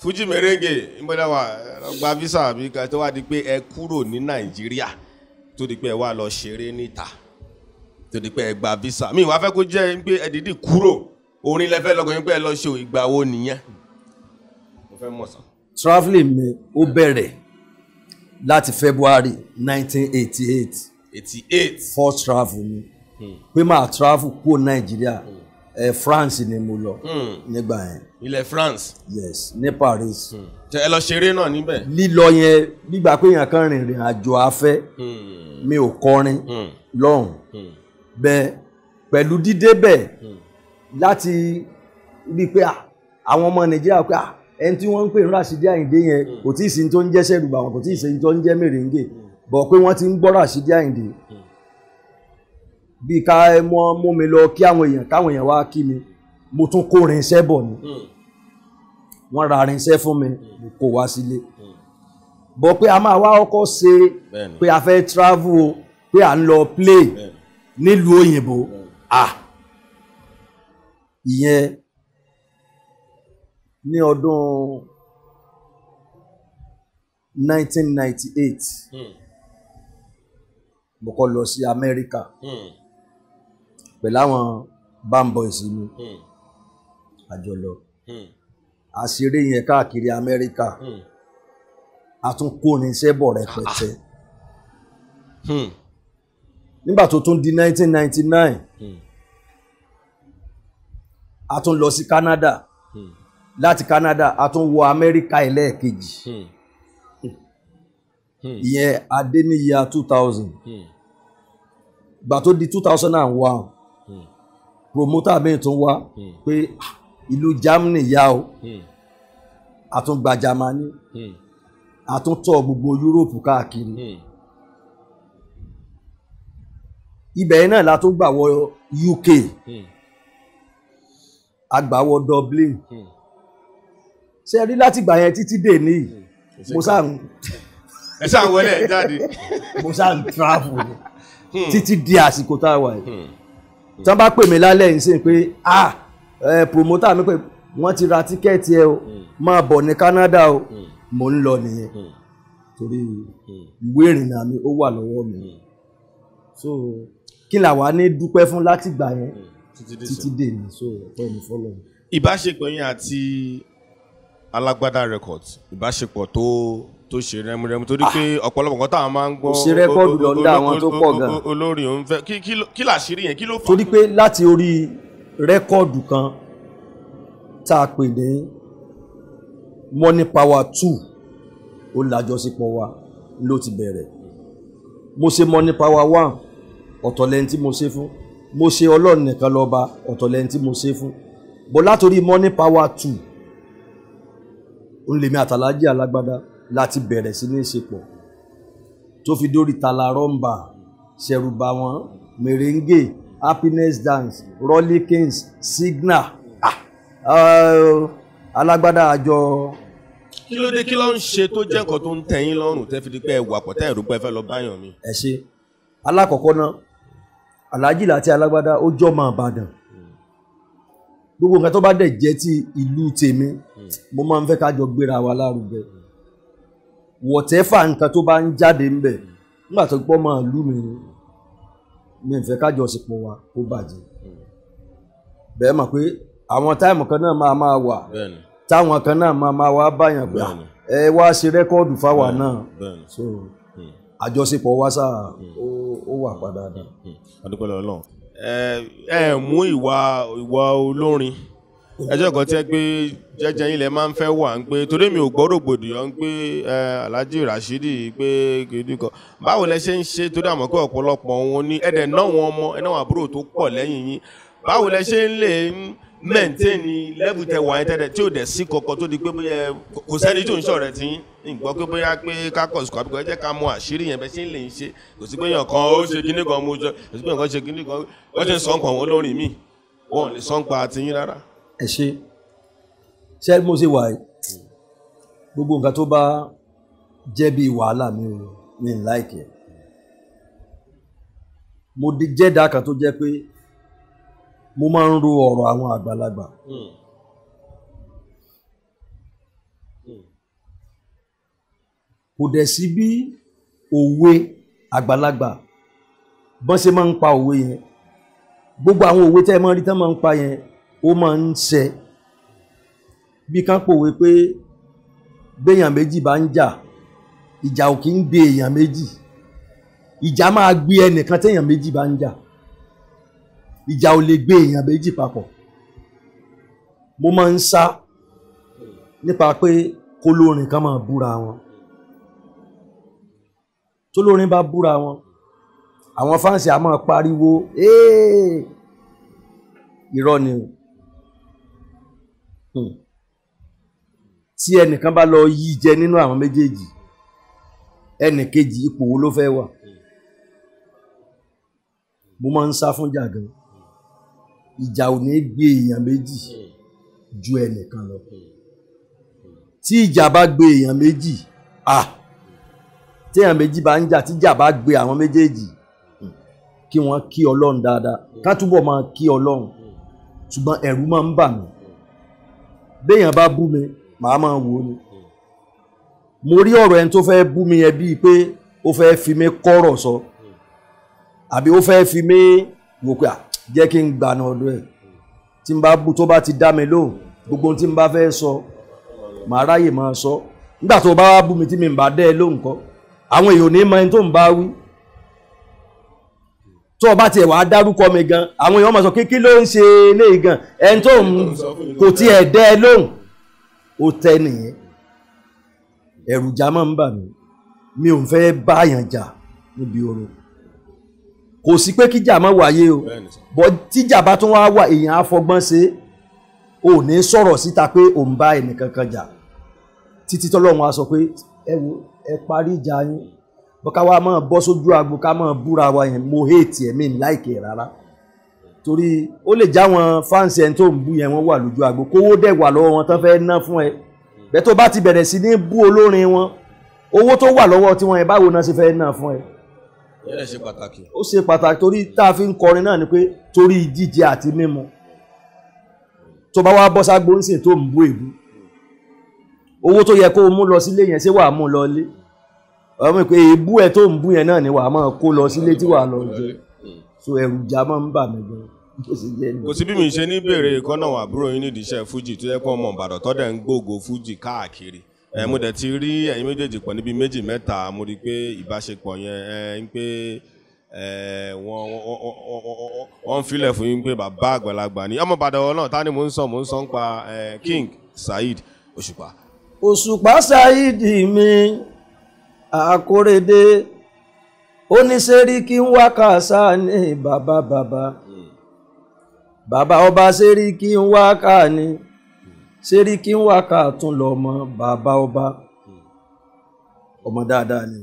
Fuji Merengue ìgbọ́dọ̀ wà gba visa àbí ká tó wá di pé ẹ kúrò ní Nàìjíríà tó di pé ẹ wá lọ ṣeré níta tó di pé ẹ gba visa mi wàá fẹ́ kó jẹ́ pé ẹ dìídì kúrò orin lẹ́fẹ́ lọ́kùnrin pé ẹ lọ ṣe ìgbà wo nìyẹn. mo fẹ́ mọ̀ sàn. traveling mi ó bẹ̀rẹ̀ láti February nineteen eighty eight first travel ni hmm. pé máa travel kúrò Nàìjíríà ẹ hmm. eh, France ni mo lọ hmm. nígbà yẹn. ilẹ̀ France. yes ní Paris. tẹ ẹ lọ ṣeré náà níbẹ̀. lílọ yẹn gbígbà pé èèyàn kan rìnrìn àjò afẹ́ mi ò kọrin lọ́hùn-ún bẹ́ẹ̀ pẹ̀lú dídébẹ̀ láti rí i pé àwọn ọmọ Nàìjíríà pé ah ẹni tí wọ́n ń pè ń Rashidi Àyìndé yẹn mm. kò tí ì sí tó ń jẹ́ sẹ́rùbà wọn kò tí ì sí tó ń jẹ́ mèrèǹgè mm. bọ̀ pé wọ́n ti ń gbọ́ Rashidi Àyìndé mm. bí ká ẹ mọ mú mi lọ kí àwọn èèyàn káwọn èèyàn wá kí mi mo tún kó irinṣẹ́ bọ̀ ni wọ́n ra irinṣẹ́ fún mi mo kó wá sílé bọ̀ pé a máa wá ọkọ̀ ṣe pé a fẹ́ travel o pé à ń lọ play nílùú òyìnbó ah ìyẹn ní ọdún 1998 hmm. mo kọ́ lọ sí Amẹ́ríkà hmm. pẹ̀lú àwọn bamboys mi àjọlọ hmm. àṣeré hmm. yẹn káàkiri Amẹ́ríkà àtúnkóniṣẹ́ bọ̀ rẹpẹtẹ nígbà tó tún di 1999 a tún lọ sí Canada. Hmm láti Canada a tún wọ Amẹ́ríkà ẹlẹ́ẹ̀kejì hmm. Hmm. ìyẹn adéníyà two thousand hmm. gbà tó di two thousand and one promoter mi tún wá pé ah, ìlú Germany yá o a tún gba Germany a tún tọ gbogbo Europe káàkiri. Hmm. ibẹ̀ náà la tún gbà wọ UK hmm. a gbà wọ Dublin. Hmm ṣe rí látìgbà yẹn títí dè ní mo sáà ń. ẹ sáà wọlé jáde. mo travel hmm. títí di àsìkò tá a wà yìí hmm. tí wọ́n bá pè mí lálẹ́ yìí sẹ́yìn pé ah promoter mi pé wọ́n ti ra tíkẹ́ẹ̀tì ẹ o hmm. máa bọ̀ ní Canada o mò ń lọ nìyẹn torí ìwé ìrìnnà mi ó wà lọ́wọ́ mi so kí là wá ní dúpẹ́ fún látìgbà yẹn títí dè ní so ọ̀pẹ́ mi fọ́lọ́. ìbáṣepọ̀ yín àti alágbádá records ìbáṣepọ̀ tó tó ṣe rẹmurẹmu torí pé ah. ọ̀pọ̀lọpọ̀ nǹkan tá a máa ń gbọ́ ṣe rẹ́kọ́ọ̀dù lọ́dọ̀ àwọn tó pọ̀ gan olórin òun fẹ́ kí làṣírí yẹn kí ló fà. torí pé láti orí rẹ́kọ́ọ̀dù kan tá a pè ní money power two ó lájọṣepọ̀ wa ló ti bẹ̀rẹ̀ mo ṣe money power one ọ̀tọ̀ lẹ́ni tí mo ṣe fún mo ṣe ọlọ́run nìkan lọ́ba ọ̀tọ̀ lẹ́ni tí mo ṣe fún bọ́ látòrí money power two òun lèmi àtàlájì alágbádá láti bẹ̀rẹ̀ sí ní ìṣepọ̀ tó fi dórí tala rọ́mbà wọn mèrèǹgè happiness dance rollikins signal ah, ah, alágbádá àjọ. kí ló dé kí ló ń ṣe tó jẹ́ nǹkan tó ń tẹ̀yìn lọ́rùn tẹ́ fi di pé ẹ wà pọ̀ tẹ́ ẹ̀rù pé ẹ fẹ́ lọ báyàn mi. ẹ ṣe alákọ̀ọ́kọ́ náà aláàjì láti alágbádá ó jọ́ mọ́ àbàdàn gbogbo nǹkan tó bá dẹ̀ jẹ́ ti ìlú tèmi mo máa ń fẹ́ ká jọ gbéra wa lárugẹ wọ̀tẹ́fà nǹkan tó bá ń jáde ń bẹ̀ nígbà tó gbọ́ máa lù mí mi fẹ́ ká jọ sípò wa kó bàjẹ́ bẹ́ẹ̀ mọ̀ pé àwọn táìmù kan náà máa máa wà táwọn kan náà máa máa wá báyàn pé ẹ wá ṣe rẹ́kọ́ọ̀dù fáwa náà so hmm. àjọṣepọ̀ wa sáà hmm. ó wà padà dáa. Hmm. adúpẹ́ lọ́wọ́ ẹ ẹ mú ìwà ìwà olórin ẹjọ́ kan tí ẹ pé jẹ́jẹ́ ilẹ̀ máa ń fẹ́ wà ń pé torí mi ò gbọ́ rògbòdìyàn ń pé Alhaji Rasheed pé kìdí kan báwo lẹ ṣe ń ṣe torí àmọ́ pé ọ̀pọ̀lọpọ̀ wọn ní ẹ̀dẹ̀ náà wọn ọmọ ẹ̀ náà àbúrò tó pọ̀ lẹ́yìn yín báwo lẹ ṣe ń lè mẹ́ǹtẹ́ẹ̀nì lẹ́bù tẹ wà yẹn tẹ́tẹ́ tí ò dẹ̀ sí kọ̀kọ́ tó di pé kò sẹ́ni tó ń ṣọ̀rẹ́ tí nǹkan pé bóyá pé kákọ̀ sùkọ́ àbíkọ́ ẹ jẹ́ ká mọ àṣírí yẹn bẹ́ẹ̀ ṣe ń lè ṣe kò sí pé yàn kan ó ṣe kíní kan mo jọ kò sí pé yàn kan ṣe kíní kan ó ṣe ń sọ́ǹpọ̀ wọn lórí mi wọn ò lè sọ́ǹpọ̀ àtìyín rárá ẹ ṣe ṣé mo ṣe wà yìí gbogbo nǹkan tó bá jẹ́ bí wàhálà mi ò mi ń láìkì ẹ̀ mo di jẹ́dá kan tó jẹ́ pé mo máa ń ro ọ̀rọ̀ àwọn àgbàlagbà. Hmm. Hmm. kò dẹ̀ sí bí òwe àgbàlagbà bọ́n ṣe máa ń pa òwe yẹn gbogbo àwọn òwe tẹ́ ẹ máa rí tán máa ń pa yẹn ó máa ń ṣe bí kán pòwe pé béèyàn méjì bá ń jà ìjà ò kì í gbé èèyàn méjì ìjà máa gbé ẹnìkan téèyàn méjì bá ń jà ìjà ò lè gbé èèyàn méjì papọ̀ mo máa ń sá nípa pé kólórin kan máa búra wọn tólórin bá búra wọn àwọn fáǹsì á máa pariwo irọ́ ni o tí ẹnìkan bá lọ yí jẹ nínú àwọn méjèèjì ẹnìkejì ipò wo ló fẹ́ wà mo máa ń sá fún ìjà gan ìjà ò ní gbé èèyàn méjì ju ẹnìkan lọ tí ìjà bá gbé èèyàn méjì ah téèyàn méjì bá ń jà tíjà bá gbé àwọn méjèèjì kí wọ́n kí ọlọ́run dáadáa ká túbọ̀ máa kí ọlọ́run ṣùgbọ́n ẹ̀rù máa ń bà mí béèyàn bá bú mi màá máa wò ó ni mo rí ọ̀rọ̀ ẹni tó fẹ́ bú mi yẹn bíi pé ó fẹ́ fi mí kọ́rọ̀ sọ àbí ó fẹ́ fi mí wò pé jẹ́ kí n gbàna ọ̀dọ̀ ẹ̀ tí n bá bú tó bá ti dá mi lóhùn gbogbo tí n bá fẹ́ sọ màá ráyè máa sọ nígbà tó bá bú mi tí mi bá dẹ́ ẹ lóhùn kọ́ àwọn èèyàn ò ní mọ ẹni tó ń bá wí tó o bá tiẹ̀ wàá dárúkọ mi gan àwọn èèyàn máa sọ kékeré ló ń ṣe eléyìí gan ẹni tó ń kò tiẹ̀ dẹ́ ẹ lóhùn ó tẹ́ nìyẹn ẹ̀rùjà máa ń bà mí mi ò fẹ́ báyàn jà níbi orun kò sí pé kíjà má wáyé o bọ́ tíjà bá tún wá wà èèyàn á fọgbọ́n ṣe ò ní sọ̀rọ̀ síta pé ò ń bá ẹnìkan jà títí tọ́lọ́run á sọ pé ẹ parí ìjà yín bọ́ ká wá máa bọ́ sójú agbo ká máa búra wa yẹn mo hate ẹ̀ mi láìkẹ́ rárá torí ó lè já wọn fáǹsì ẹni tó ń bú yẹn wọ́n wà lójú agbo kówó dẹ̀ wà lọ́wọ́ wọn tán fẹ́ẹ́ ná fún ẹ bẹ́ẹ̀ tó bá ti bẹ̀rẹ̀ sí ní bú olórin wọn owó tó wà lọ́wọ́ tí wọ́n yẹn báwo náà ṣe fẹ́ẹ́ ná fún ẹ. ó ṣe pàtàkì. ó ṣe pàtàkì torí tá a fi ń kọrin náà ni pé torí jíjẹ àti mímu tó bá wá bọ́ ságbó ń tó ń bú èbú owó tó yẹ kó o mú lọ sílé yẹn ṣé wàá mú lọ lé ọmọ ìpè èébú ẹ tó ń bú yẹn náà ni wàá máa kó lọ sílé tí wàá lọ jẹ so ẹrù já máa ń bà mí gan kò sí bí mi ṣe ní bèrè ìkọ́nà àbúrò yín nídìí iṣẹ́ fújì tó yẹ pé ọmọ ìbàdàn tó dẹ̀ ń gbògo fújì káàkiri mo dẹ̀ ti rí ẹ̀yin méjèèjì pọ̀ níbi méjì mẹ́ta mo rí i pé ìbáṣepọ̀ yẹn ń pé wọ́n ń filẹ̀ fún yín pé bàbá àgbàlagbà ni ọmọ ìbàdàn náà ta ni ń sọ mò ń sọ ń pa King Saheed Òṣùpá. Òṣùpá Saheed mi àkórèdé oníṣẹ́ríkì ń wá kàṣà ní bàbá bàbá bàbá ọba ṣẹ́ríkì ń wá kà ní ṣẹ́ríkì ń wá kà tún lọ́mọ bàbá ọba ọmọ dáadáa ni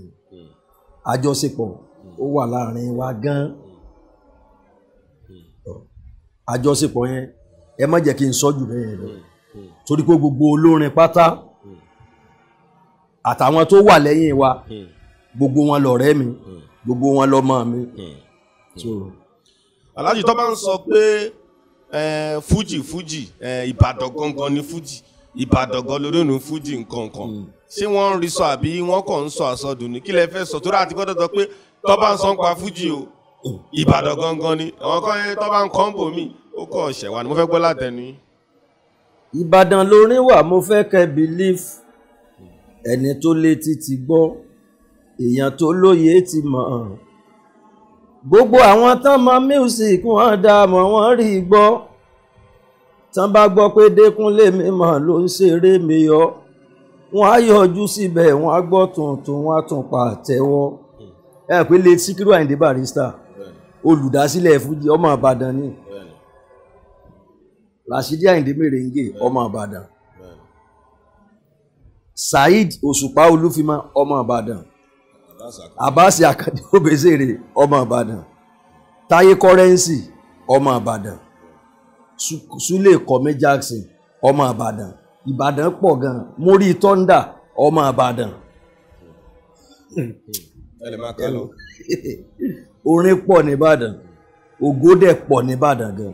àjọṣepọ̀ ó wà láàrin wa gan àjọṣepọ̀ yẹn ẹ má jẹ́ kí n sọ bẹ́ẹ̀ lọ torí pé gbogbo olórin pátá àtàwọn tó wà lẹ́yìn wa hmm. gbogbo wọn lọ̀rẹ́ mi hmm. gbogbo wọn lọ́mọ mi. Hmm. aláàjì tó bá ń sọ pé fújì Fuji ìbàdàn gangan ni fújì ìbàdàn gan lórí òun fújì nǹkan kan ṣé wọ́n ń rí sọ àbí wọ́n kàn ń sọ àsọdùn ní kí lẹ fẹ́ sọ torí àti gbọ́dọ̀ sọ pé tó bá ń sọ ń pa fújì o ìbàdàn gangan ni àwọn kan yẹn tó bá ń kọ́ ń bò mí ó kọ́ ọ̀ṣẹ̀ wa ni mo fẹ́ gbọ́ látẹnu. ìbàdàn lórin wà mo fẹ́ kẹ́ believe ẹni tó létí ti gbọ́ èèyàn tó lóye ti mọ̀ gbogbo àwọn tán mọ music wọn dá mọ̀ wọ́n rí i gbọ́ tán bá gbọ́ pé Dékúnlé Mímọ́ ló ń ṣeré mi yọ wọ́n á yọjú síbẹ̀ wọ́n á gbọ́ tuntun wọ́n á tún pa àtẹ́wọ́ ẹ pé lè Síkírù Àyìndé Barrister olùdásílẹ̀ Fújì ọmọ Ìbàdàn ni Ràṣídì Àyìndé Mèrèǹgè ọmọ Ìbàdàn saheed òṣùpá olúfimá ọmọ ìbàdàn abasi akande obezere ọmọ ìbàdàn táyé kọrẹ́nsì ọmọ ìbàdàn sule kọ́mẹ́ jackson ọmọ ìbàdàn ìbàdàn pọ̀ gan mórí tọ́ndà ọmọ ìbàdàn. orin pọ̀ nìbàdàn ògòdè pọ̀ nìbàdàn gan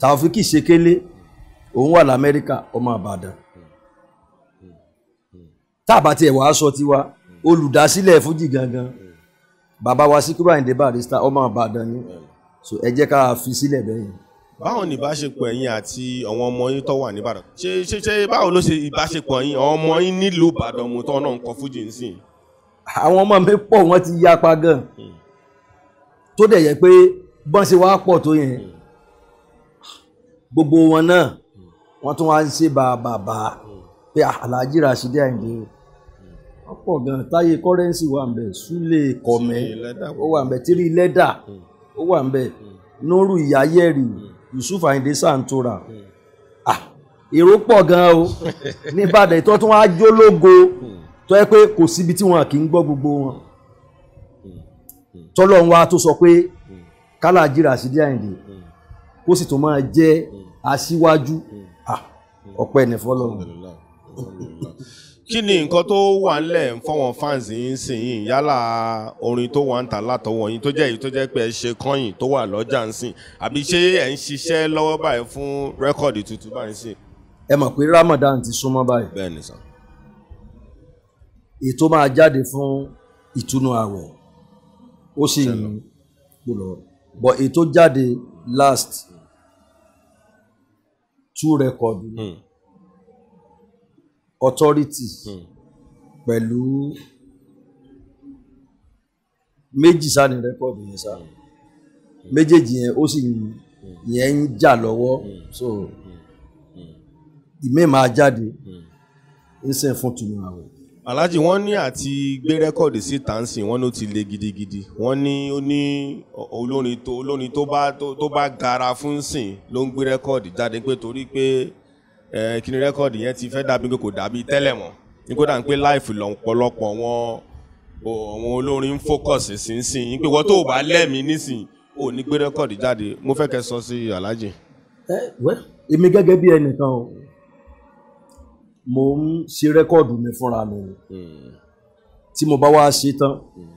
tàfíkì ṣekélé òun wà lamẹ́ríkà ọmọ ìbàdàn tá a bá tiẹ̀ wàá sọ tiwa olùdásílẹ̀ fújì gangan bàbá wa Síkírù Àyìndé Barrister ọmọ Ìbàdàn ni so ẹ jẹ́ ká fi sílẹ̀ bẹ́yìn. báwo ni ìbáṣepọ̀ ẹ̀yin àti àwọn ọmọ yín tó wà nìbàdàn ṣé ṣé ṣé báwo ló ṣe ìbáṣepọ̀ yín àwọn ọmọ yín nílùú Ìbàdàn mú tọ́ náà ń kọ fújì nísìnyí. àwọn ọmọ mi pọ̀ wọ́n ti yapa gan tó dẹ̀ yẹ pé bọ́n ṣe wàá pọ̀ tó yẹn gbogbo wọn náà wọ́n tún wá ń ṣe bàbàbà pé ah, Alhaji Rasheed Àyìndé ọ̀pọ̀ gan táyé kọ́rẹ́nsì wà ńbẹ̀ súlé kọ̀mẹ́ ó wà ńbẹ̀ tírí lẹ́dà ó wà ńbẹ̀ hmm. hmm. nóòrù ìyáyẹ̀rì hmm. Yusuf Ayinde Santora ah, èrò pọ̀ gan o ní Ìbàdàn ìtọ́ tí wọ́n á jó lógo tó yẹ pé kò síbi tí wọn kì í gbọ́ gbogbo wọn tọ́lọ́run wa tó sọ pé kálá àjírà Sidi Ayinde kó sì tó máa jẹ́ aṣíwájú ah, ọpẹ́ ní fọlọ́run. kí ni nǹkan tó wà ńlẹ̀ ń fọwọ́n fans yín sìn yín yálà orin tó wà ń tà látọwọ́ yín tó jẹ́ èyí tó jẹ́ pé ẹ ṣe kọ́yìn tó wà lọ́jà ń sìn àbí ṣé ẹ̀ ń ṣiṣẹ́ lọ́wọ́ báyìí fún rẹ́kọ̀dì tuntun báyìí sìn. ẹ mọ̀ pé Ramadan ti súnmọ́ báyìí. bẹ́ẹ̀ ni sàn. ètò máa jáde fún ìtúnu ààwẹ̀ ó sì ń gbòòrò bọ̀ ètò jáde last two record. Mm authority hmm. pẹ̀lú méjì sáni rẹ́kọ̀dù yẹn sá hmm. méjèèjì yẹn ó sì hmm. yẹn ń jà lọ́wọ́ so ìmí máa jáde ń sìn fún tùnú àwẹ̀. Alhaji wọ́n ní àti gbé rẹ́kọ̀dì sí tansi wọ́n ló ti le gidigidi wọ́n ní ó ní olórin tó olórin tó bá tó bá gara fún sìn ló ń gbé rẹ́kọ̀dì jáde pé torí pé. Pe kíni rẹ́kọ̀dì yẹn ti fẹ́ dàbí kò dàbí tẹ́lẹ̀ mọ́ ní kó dà ń pé láìfù lọ́pọ̀lọpọ̀ wọn òun olórin ń fókọ̀sì sínsìn pé wọ́n tó bá lẹ́mìí nísìn ò ní gbé rẹ́kọ̀dì jáde mo fẹ́ kẹ́ sọ sí aláàjì. ẹ wẹ́ èmi gẹ́gẹ́ bí ẹnìkan o mo ń ṣe rẹ́kọ̀dù mi fúnra mi hmm. tí mo bá wá ṣe tán hmm.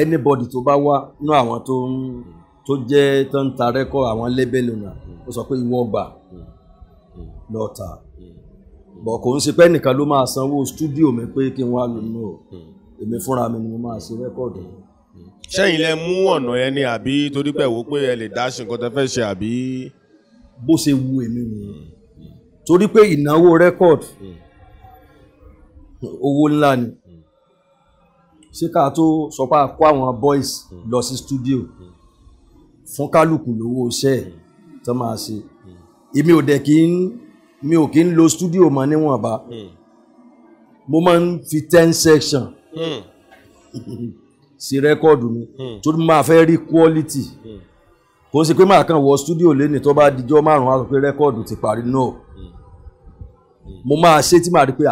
anybody tó bá wá nú àwọn tó ń hmm. tó jẹ́ tó ń ta rẹ́kọ̀ àwọn lẹ́bẹ̀lì náà ó sọ pé ìwọ gbà. Hmm. lọ́ọ̀tà hmm. bọ̀ kò ń ṣe pé nìkan ló máa sanwó stúdíò mi pé kí n wá lò nù o hmm. èmi fúnra mi ni mo máa ṣe rẹ́kọ̀dù. sẹ́yìn lẹ mú ọ̀nà yẹn ni àbí torí pé wò pé ẹ lè dá ṣe nǹkan tẹ́ fẹ́ ṣe àbí. bó ṣe wu èmi nìyẹn torí pé ìnáwó rẹ́kọ̀dù owó ńlá ni ṣé ká tó sọ pé a kó àwọn boys lọ sí stúdíò fún kálukú lówó iṣẹ́ tó máa ṣe. Mm èmi ò dẹ̀ kí n mi ò kí n lo studio mọ́ níwọ̀nba hmm. mo máa ń fi ten section hmm. si rẹ́kọ̀dù mi hmm. tó máa fẹ́ rí quality kò ń ṣe pé màá kàn wọ studio lẹ́ni tó bá dijọ́ márùn-ún á pé rẹ́kọ̀dù ti parí no mo máa ṣe tí màá rí pé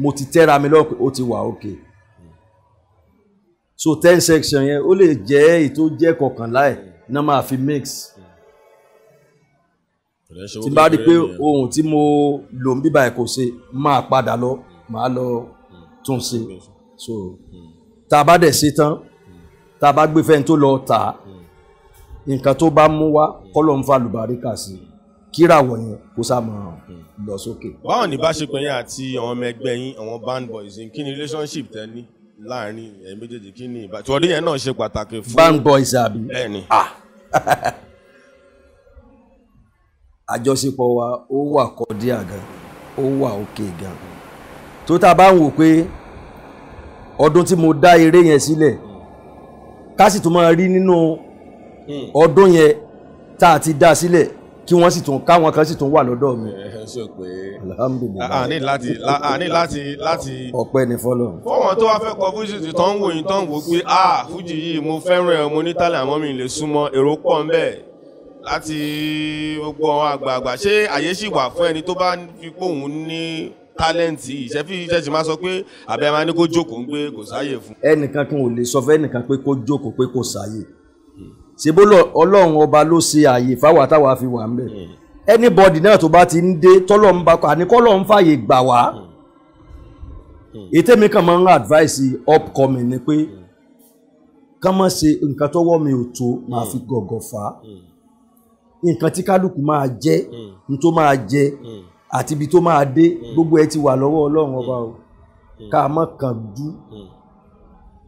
mo ti tẹ́ra mi lọ́pẹ́ ó ti wà okay so ten section yẹn ó lè jẹ́ èyí tó jẹ́ kọkànlá ẹ̀ náà máa fi mix. Mm tí n bá rí i pé ohun tí mo lò ń bíbá ẹ̀ kò ṣe máa padà lọ máa lọ tún ṣe so hmm. tá a bá dẹ̀ ṣe tán hmm. tá a bá gbé fẹ́ni tó lọ tà á hmm. nǹkan tó bá mú wá kọ́lọ̀ ń fa lùbáríkà sí i kíràwọ̀ yẹn kó sá máa lọ sókè. báwo ni ìbáṣepọ̀ yín àti àwọn ọmọ ẹgbẹ́ yín àwọn band boys yín kí ni relationship tẹ́ ní láàrin ẹ̀yin méjèèjì kí ni ìbáṣepọ̀ yẹn náà ṣe pàtàkì fún. band boys àbí. bẹ́ẹ̀ni. ah àjọṣepọ̀ wa ó wà kọ́díà gan ó wà òkè gan tó tá a bá ń wò pé ọdún tí mo dá eré yẹn sílẹ̀ ká sì tún máa rí nínú hmm. ọdún yẹn tá a ti dá sílẹ̀ kí wọ́n sì tún káwọn kan sì tún wà lọ́dọ̀ mi. a ní láti láti láti. ọpẹ́ fọlọ. fọwọn tó wá fẹ́ kọ fújì tí tó ń wò tó ń wò pé a ah, fújì yìí mo fẹ́ràn ẹ̀ mo ní tálẹ̀ àmọ́ mi lè súnmọ́ èrò pọ̀ ń bẹ́ẹ̀ láti gbogbo àgbààgbà ṣé àyè sì wà fún ẹni tó bá fi pòun ní tálẹ́ǹtì ìṣẹ́ fi ṣẹ́ sì máa sọ pé àbẹ́ máa ní kó jókòó ń pé kò sáàyè fún. ẹnìkan kan ò lè sọ fún ẹnìkan pé kó jókòó pé kò sáàyè ṣèbó ọlọ́run ọba ló ṣe àyè fáwa táwa fi wà ń bẹ̀ anybody náà tó bá ti ń dé tọ́lọ́ ń bá kọ́ àní kọ́lọ́ ń fàyè gbà wá ètè mi kàn máa ń advice upcoming ni pé kàn máa ṣe nǹkan tọ́wọ́ mi ò tó máa fi gọ̀gọ̀ fà á. Mm nǹkan tí kálukú máa jẹ hmm. n tó máa jẹ hmm. àti ibi tó máa dé hmm. gbogbo ẹ ti wà lọ́wọ́ ọlọ́run ọba o ká má kánjú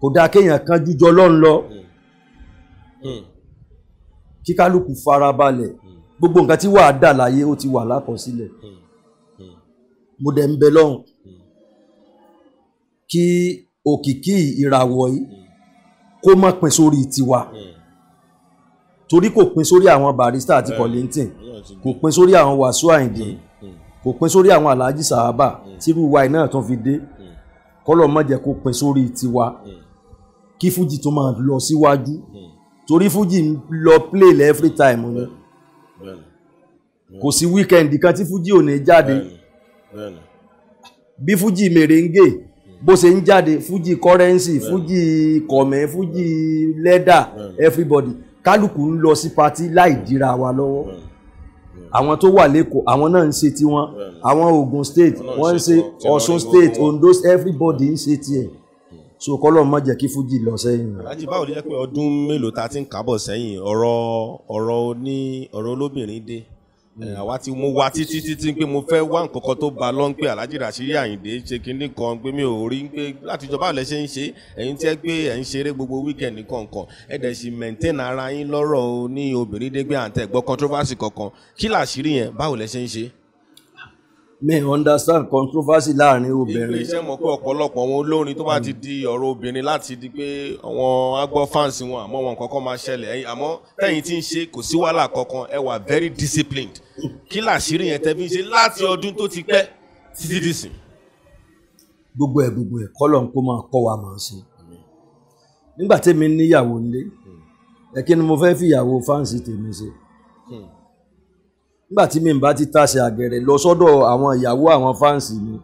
kò dáa kéèyàn kánjú jọ ọlọ́run lọ kí kálukú farabalẹ̀ gbogbo nǹkan tí wàá dà láyé ó ti wà lákọsílẹ̀ mo dẹ̀ ń bẹ lọ́hùn kí òkìkí ìràwọ̀ yìí kó má pin sórí tiwa. Mm torí kò pin sórí àwọn barista àti Kollington kò pin sórí àwọn Wàsíù Àyìndé hmm. hmm. kò pin sórí àwọn Alhaji Sahaba hmm. tírú wa iná tó fi dé kọ́lọ̀ má jẹ́ kó pin sórí tiwa kí fújì tó máa lọ síwájú torí fújì ń lọ play every time ni kò sí wíkẹ́ndì kan tí fújì ò ní jáde bí fuji mèrèǹgè bó ṣe ń jáde fújì kọ́rẹ́ǹsì fújì kọ̀mẹ́ fújì lẹ́dà everybody kálukú ń lọ sí patí láì dira wa lọ́wọ́ mm. Mm. àwọn tó wà lẹ́kọ̀ọ́ àwọn náà ń ṣe tiwọn mm. àwọn Ogun State wọ́n ń ṣe Ọ̀ṣun State Ondo everybody ń ṣe tiẹ̀ so kọ́lọ́ má jẹ́ kí Fuji lọ sẹ́yìn. alájí báwo ni jẹ́ pé ọdún mélòó ta ti ń kábọ̀ sẹ́yìn ọ̀rọ̀ ọ̀rọ̀ oní ọ̀rọ̀ olóbìnrin dé àwa tí mo wá títí títí pé mo fẹ́ wá nǹkan kan tó ba lọ́n pé Alhaji Rasheed Ayinde ṣe kinní kan pé mi ò rí pé láti ìjọba àlẹ́ ṣe ń ṣe ẹ̀yin tí ẹ pé ẹ̀ ń ṣeré gbogbo weekend kọ̀ọ̀kan ẹ̀ dẹ̀ sì maintain ara yín lọ́rọ̀ ní obìnrin dé pé à ń tẹ̀ gbọ́ controversy kankan kí làṣírí yẹn báwo lẹ ṣe ń ṣe mi understand controversy láàrin obìnrin. iṣẹ́ mọ̀ pé ọ̀pọ̀lọpọ̀ wọn olórin tó bá ti di ọ̀rọ̀ obìnrin láti di pé àwọn agbọ́ fans wọn àmọ́ wọn kankan máa ṣẹlẹ̀ àmọ́ tẹ̀yìn tí ń ṣe kò sí wàhálà kankan ẹ wà very disciplined kí làṣírí yẹn tẹ́ fi ń ṣe láti ọdún tó ti pẹ́ títí dìsìn. gbogbo ẹ gbogbo ẹ kọ́ lọ́n kó máa kọ́ wa máa ṣe nígbà tèmi níyàwó nílé ẹ kí ni mo fẹ́ fìyàwó fáǹsì tèmi ṣe. Hmm nígbà tí mi bá ti taṣe àgẹ̀rẹ̀ lọ sọ́dọ̀ àwọn ìyàwó àwọn fáǹsì mi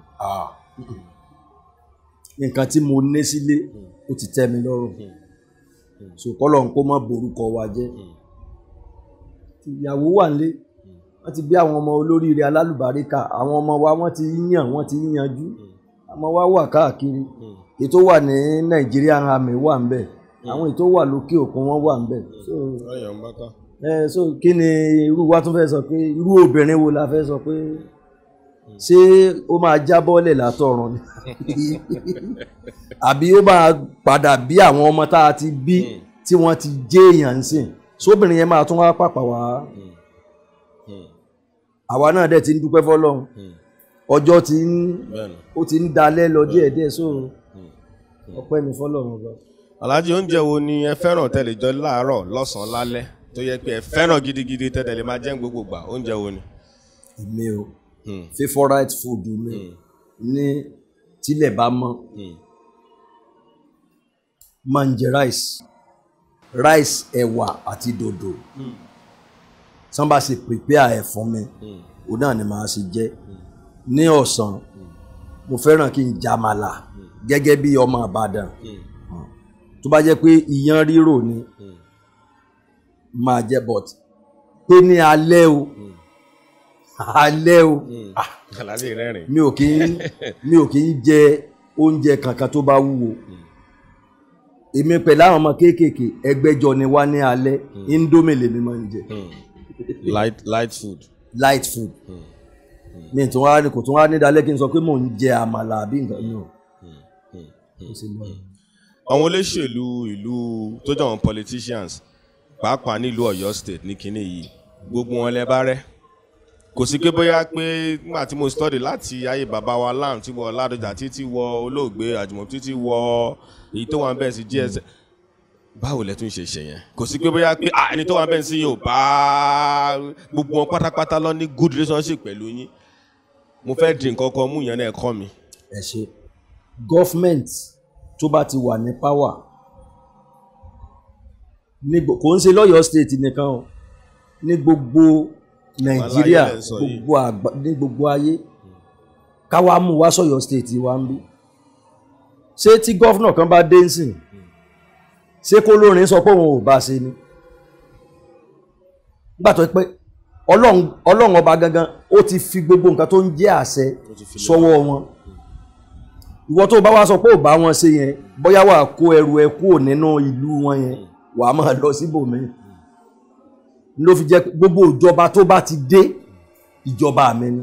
nǹkan tí mo ní sílé ó ti tẹ́ mi lọ́rùn sòkọ́lọ̀ ń kó mọ́ borúkọ wa jẹ́ ìyàwó wà nílé wọ́n ti bí àwọn ọmọ olóríire alálùbáríkà àwọn ọmọ wa wọ́n ti yàn wọ́n ti yanjú àmọ́ wa wà káàkiri ètò wà ní Nàìjíríà hàmì wà ń bẹ̀ àwọn ètò wà lókè òkun wọ́n wà ń bẹ̀ ẹ so kí ni irú wa tún fẹ́ sọ pé irú obìnrin wo la fẹ́ sọ pé ṣé ó máa jábọ́lẹ̀ látọ̀run ni àbí ó máa padà bí àwọn ọmọ tá a ti bí hmm. tí wọ́n ti jẹ́ èèyàn ń sìn sóbìnrin yẹn máa tún wá pàpà wá hmm. Hmm. àwa náà dẹ̀ ti ń dúpẹ́ fọlọ́run ọjọ́ ti ń ó ti ń dalẹ́ lọ díẹ̀díẹ̀ so ọpẹ́ mi fọlọ́run ọba. aláàjì oúnjẹ wo ni ẹ fẹ́ràn tẹ́lẹ̀ jọ láàárọ̀ lọ́sàn-án lálẹ́ tó yẹ pé ẹ fẹ́ràn gidigidi tẹ́tẹ̀ lè máa jẹ́ gbogbo gbà oúnjẹ wo ni. èmi o hmm. favourite food mi hmm. ní tílẹ̀ bá mọ́ hmm. máa ń jẹ rice rice ẹ̀wà àti dòdò tí wọ́n bá ṣe prepare ẹ̀ fún mi òun náà ni màá ṣe jẹ ní ọ̀sán mo fẹ́ràn kí n jàmàlà gẹ́gẹ́ bí ọmọ Ìbàdàn tó bá jẹ́ pé iyán rírò ni máa jẹ but pé ní alẹ́ o hmm. alẹ́ o hmm. ah, mi ò kì í mi ò kì í jẹ oúnjẹ kankan tó bá wúwo hmm. èmi pẹ̀lú àwọn ọmọ kéékèèké ẹgbẹ́jọ ni wá ní alẹ́ indomie lèmi máa ń jẹ. light light food. light food. mi tún wá kò tún wá ní dalẹ́ kí n sọ pé mò ń jẹ àmàlà àbí nǹkan náà. àwọn olóṣèlú ìlú tó jẹ́ àwọn politicians pàápàá nílùú Ọ̀yọ́ state ní kinní yìí gbogbo wọn lẹ bá rẹ kò sí pé bóyá pé nígbà tí mo study láti ayé bàbá wa lam ti wọ Ládọjà títí wọ olóògbé àjùmọ̀ títí wọ èyí tó wà ń bẹ̀ sí gs báwo lẹ tún ṣe ṣe yẹn kò sí pé bóyá pé ẹni tó wà ń bẹ̀ sí yóò bá gbogbo wọn pátápátá lọ ní good relationship pẹ̀lú yín mo fẹ́ dín nǹkan kan mú yẹn náà kọ́ mi. ẹ ṣe gọ́fmẹ̀ntì tó bá ti wà ní power ní kò ń ṣe lọ́yọ̀ọ́ state nìkan o ní gbogbo nàìjíríà gbogbo àgbà ní gbogbo ayé káwa mú wá sọ̀yọ̀ state wa ń bí ṣé tí gọ́fúnà kan bá dé nsìn ṣé kó lórin sọ pé òun ò bá ṣe ni nígbà tó pé ọlọ́run ọba gangan ó ti fi gbogbo nǹkan tó ń jẹ́ àṣẹ sọ́wọ́ wọn ìwọ tó bá wá sọ pé ò bá wọn ṣe yẹn bóyá wà kó ẹrù ẹ kúrò nínú ìlú wọn yẹn. Hmm wàá máa lọ síbòmí ló fi jẹ́ gbogbo ìjọba tó bá ti dé ìjọba mi ni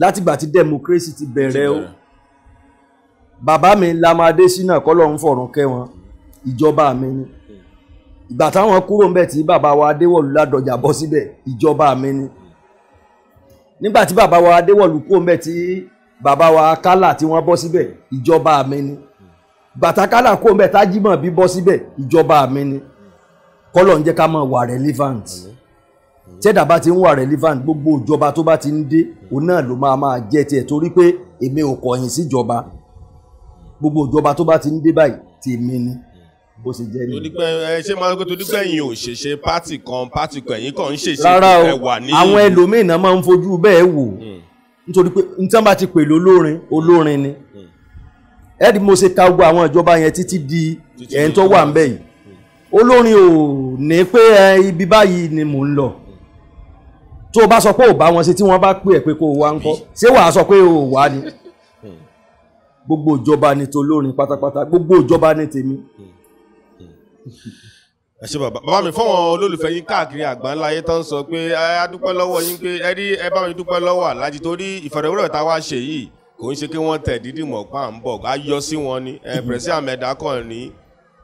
látìgbà tí democracy ti bẹ̀rẹ̀ o bàbá mi Lam Adésínà kọ́lọ́ ń fọ̀rùn kẹ́ wọn ìjọba mi ni ìgbà táwọn kúrò ńbẹ̀ tí bàbá wa Adéwọ̀lú Ládọjà bọ́ síbẹ̀ ìjọba mi ni nígbà tí bàbá wa Adéwọ̀lú kúrò ńbẹ̀ tí bàbá wa Kálà tí wọ́n bọ́ síbẹ̀ ìjọba mi ni. Mm bàtàkàlà kó ń bẹ tájímọ̀ bí bọ́ síbẹ̀ ìjọba mi ni kọ́lọ̀ ń jẹ́ ká máa wà relevant tẹ́dà bá ti ń wà relevant gbogbo ìjọba tó bá ti ń dé òun náà ló máa máa jẹ́ tiẹ̀ torí pé èmi ò kọ̀yìn síjọba gbogbo ìjọba tó bá ti ń dé báyìí tèmi ni bó ṣe jẹ́ nìyí. ṣé máa tó torípé ẹ̀yin ò ṣèṣe pátì kan pátì kan ẹ̀yin kan ń ṣèṣe ẹ wà ní. àwọn ẹlòmíín náà máa ń fojú bẹ́ẹ̀ wò hmm. nítorí pé nítorí bá ti pè lólórin olórin ni. Mm ẹ di mo ṣe ka gbogbo àwọn ìjọba yẹn títí di ẹni tó wà ńbẹ̀ yìí hmm. olórin ò ní pé ibi báyìí ni mò ń lọ hmm. tó o bá sọ pé ò bá wọn ṣe tí wọ́n bá pè é pé kó o wá ńkọ́ ṣé wàá sọ pé o wá ni hmm. gbogbo ìjọba ni tolórin pátápátá gbogbo ìjọba ni tèmi ẹ ṣe bàbá bàbá mi fọwọn olólùfẹ́ yín káàkiri àgbáńláyé tán sọ pé ẹ adúpẹ́ lọ́wọ́ yín pé ẹ rí ẹ bá mi dúpẹ́ lọ́wọ́ aláàjì torí ìfọ̀rọ̀wérọ̀ tá wá ṣe yìí kò ń ṣe kí wọ́n tẹ̀ dídì mọ̀ pa ń bọ̀ á yọ sí wọn ni ẹ pẹ̀rẹ̀sì àmẹ́dá kọ̀ ní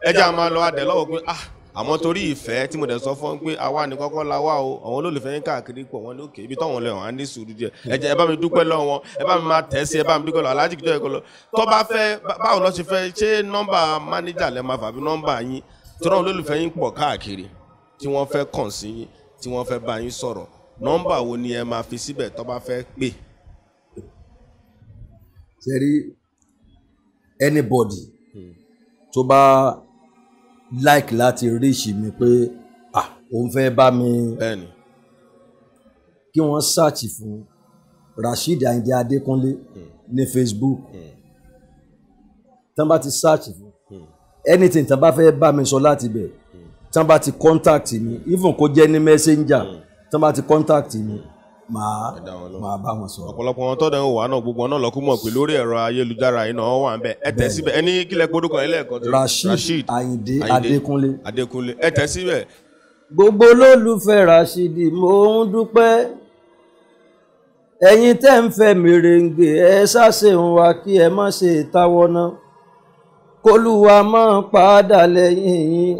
ẹjẹ́ a máa lọ adẹ̀ lọ́wọ́ pé ah àmọ́ torí ìfẹ́ tí mo dẹ̀ sọ fún pé àwa ní kọ́kọ́ la wá o àwọn olólùfẹ́ yín káàkiri pọ̀ wọn ní òkè ibi tọ́wọ́n lẹ̀ wọ́n á ní sùúrù díẹ̀ ẹ̀jẹ̀ ẹ bá mi dúpẹ́ lọ́wọ́ wọn ẹ bá mi máa tẹ̀ sí ẹ bá mi dúpẹ́ lọ́wọ́ aláàjì kìtọ́ ẹ̀kọ́ lọ tó bá fẹ́ báwo lọ́ ṣe fẹ́ ṣé nọ́mbà mánéjà lẹ́ máa fàbí nọ́mbà yín tọ́rọ̀ olólùfẹ́ yín pọ̀ káàkiri tí wọ́n fẹ́ kàn sí tí wọ́n fẹ́ bá yín sọ̀rọ̀ nọ́mbà wo ni ẹ máa fi síbẹ̀ tó bá fẹ́ pè sẹ́rí anybody mm. tó bá like láti reach mi pé ah òun fẹ́ bá mi kí wọ́n search fún Rasheed Ayinde Adékúnlé mm. ní Facebook mm. tán bá ti search fún hmm. anything tán bá fẹ́ bá mi sọ láti bẹ̀ hmm. tán bá ti contact mi even kó jẹ́ ní messenger mm. tán bá ti contact mi. Mm máa máa bá wọn sọ. ọ̀pọ̀lọpọ̀ wọn tọ́da ìwà náà gbogbo náà lọ́kùn mọ̀ pé lórí ẹ̀rọ ayélujára yìí náà wà ń bẹ̀ ẹ tẹ̀ síbẹ̀ ẹni kílẹ̀ gbódúkọ ilé ẹ̀kọ́ tó Rasheed Ayinde Adékúnlé Adékúnlé ẹ tẹ̀ síbẹ̀. gbogbo olólùfẹ́ Rasheed mo ń dúpẹ́ ẹ̀yin tẹ́ ń fẹ́ mèrèǹgè ẹ ṣàṣe ń wa kí ẹ má ṣe táwọ́ ná kólúwa máa padà lẹ́yìn yín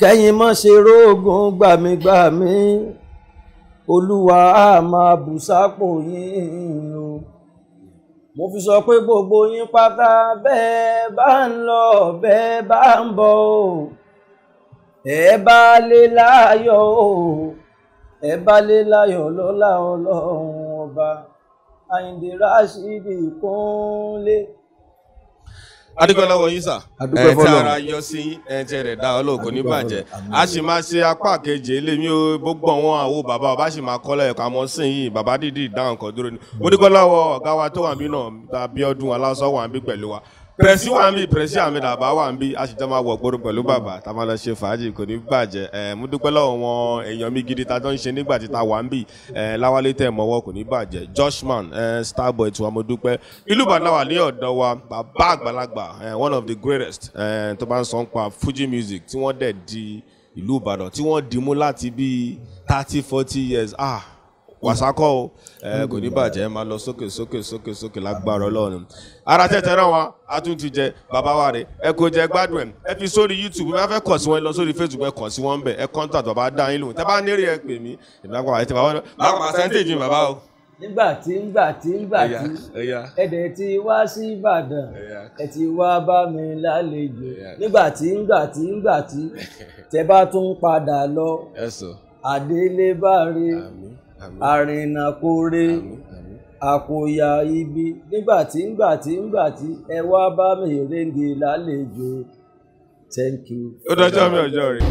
kẹ́yìn má ṣe róògùn gbàmígbàmí olúwa á máa bù sápò yín o mo fi sọ pé gbogbo yín pátá bẹ́ẹ̀ bá ń lọ bẹ́ẹ̀ bá ń bọ̀ o ẹ bá lè láyọ̀ o ẹ bá lè láyọ̀ lọ́lá ọlọ́run ọba Àyìndé Rásídì Kúnlé adúgbò lọ́wọ́ yín sà ẹ̀ tí ara yọ sí ẹ̀ tí rẹ̀ dá ọlọ́ọ̀kọ́ ní bàjẹ́ a sì máa ṣe apá kejì eléyìí ó gbogbo àwọn àwo bàbá ọba sì máa kọ́lẹ̀ ẹ̀ka mọ́ sí yìí bàbá dídì dáhùn kan dúró ni mo dúpẹ́ lọ́wọ́ ọ̀gá wa tó wà nínú Abíọ́dún Aláṣọ wà ń bí pẹ̀lú wa pẹ̀sì wà ń bí pẹ̀sì Ahmed Abba wà ń bí a sì jọ máa wọ̀ gbòòrò pẹ̀lú bàbá tá a máa lọ ṣe fàájì kò ní bàjẹ́ mo dúpẹ́ lọ́wọ́ wọn èèyàn mi gidi tá a ń ṣe nígbà tí ta wà ń bí láwálé tẹ̀ mọ́wọ́ kò ní bàjẹ́ Joshman Starboy tiwa mo dúpẹ́ ìlú Ìbàdàn wà ní ọ̀dọ̀ wa bàbá àgbàlagbà one of the greatest tó bá ń sọ ń pa Fuji music tí wọ́n dẹ̀ di ìlú Ìbàdàn tí wọ́n dìmú láti bíi thirty forty years ah wàsákọ́ o kò ní bàjẹ́ máa lọ sókè sókè sókè sókè lágbára ọlọ́run ara tẹ́tẹ́ rán wa a tún ti jẹ bàbá wa rè ẹ kò jẹ gbádùn ẹ ẹ fi sórí youtube bí wọ́n fẹ́ kàn sí wọn lọ sórí facebook ẹ kàn sí wọn bẹ̀ ẹ contact bàbá dá yín lóhùn tẹ́ bá nírè ẹ pè mí ìdáwọ́ àti bàbá wọn máa percentage mi bàbá o nígbà tí ngbà tí ngbà tí ẹ̀dẹ̀ ti wá sí ìbàdàn ẹ̀ ti wá bá mi lálejò nígbà tí ngbà tí ngbà tí tẹ bá tún padà lọ àdélébáre. àrìnàkore àkóyà ibi nígbàtí ngbàtí ngbàtí ẹ wá bá mi renge lálejò thank you. ó dájọ́ mi ọjọ́ rẹ̀.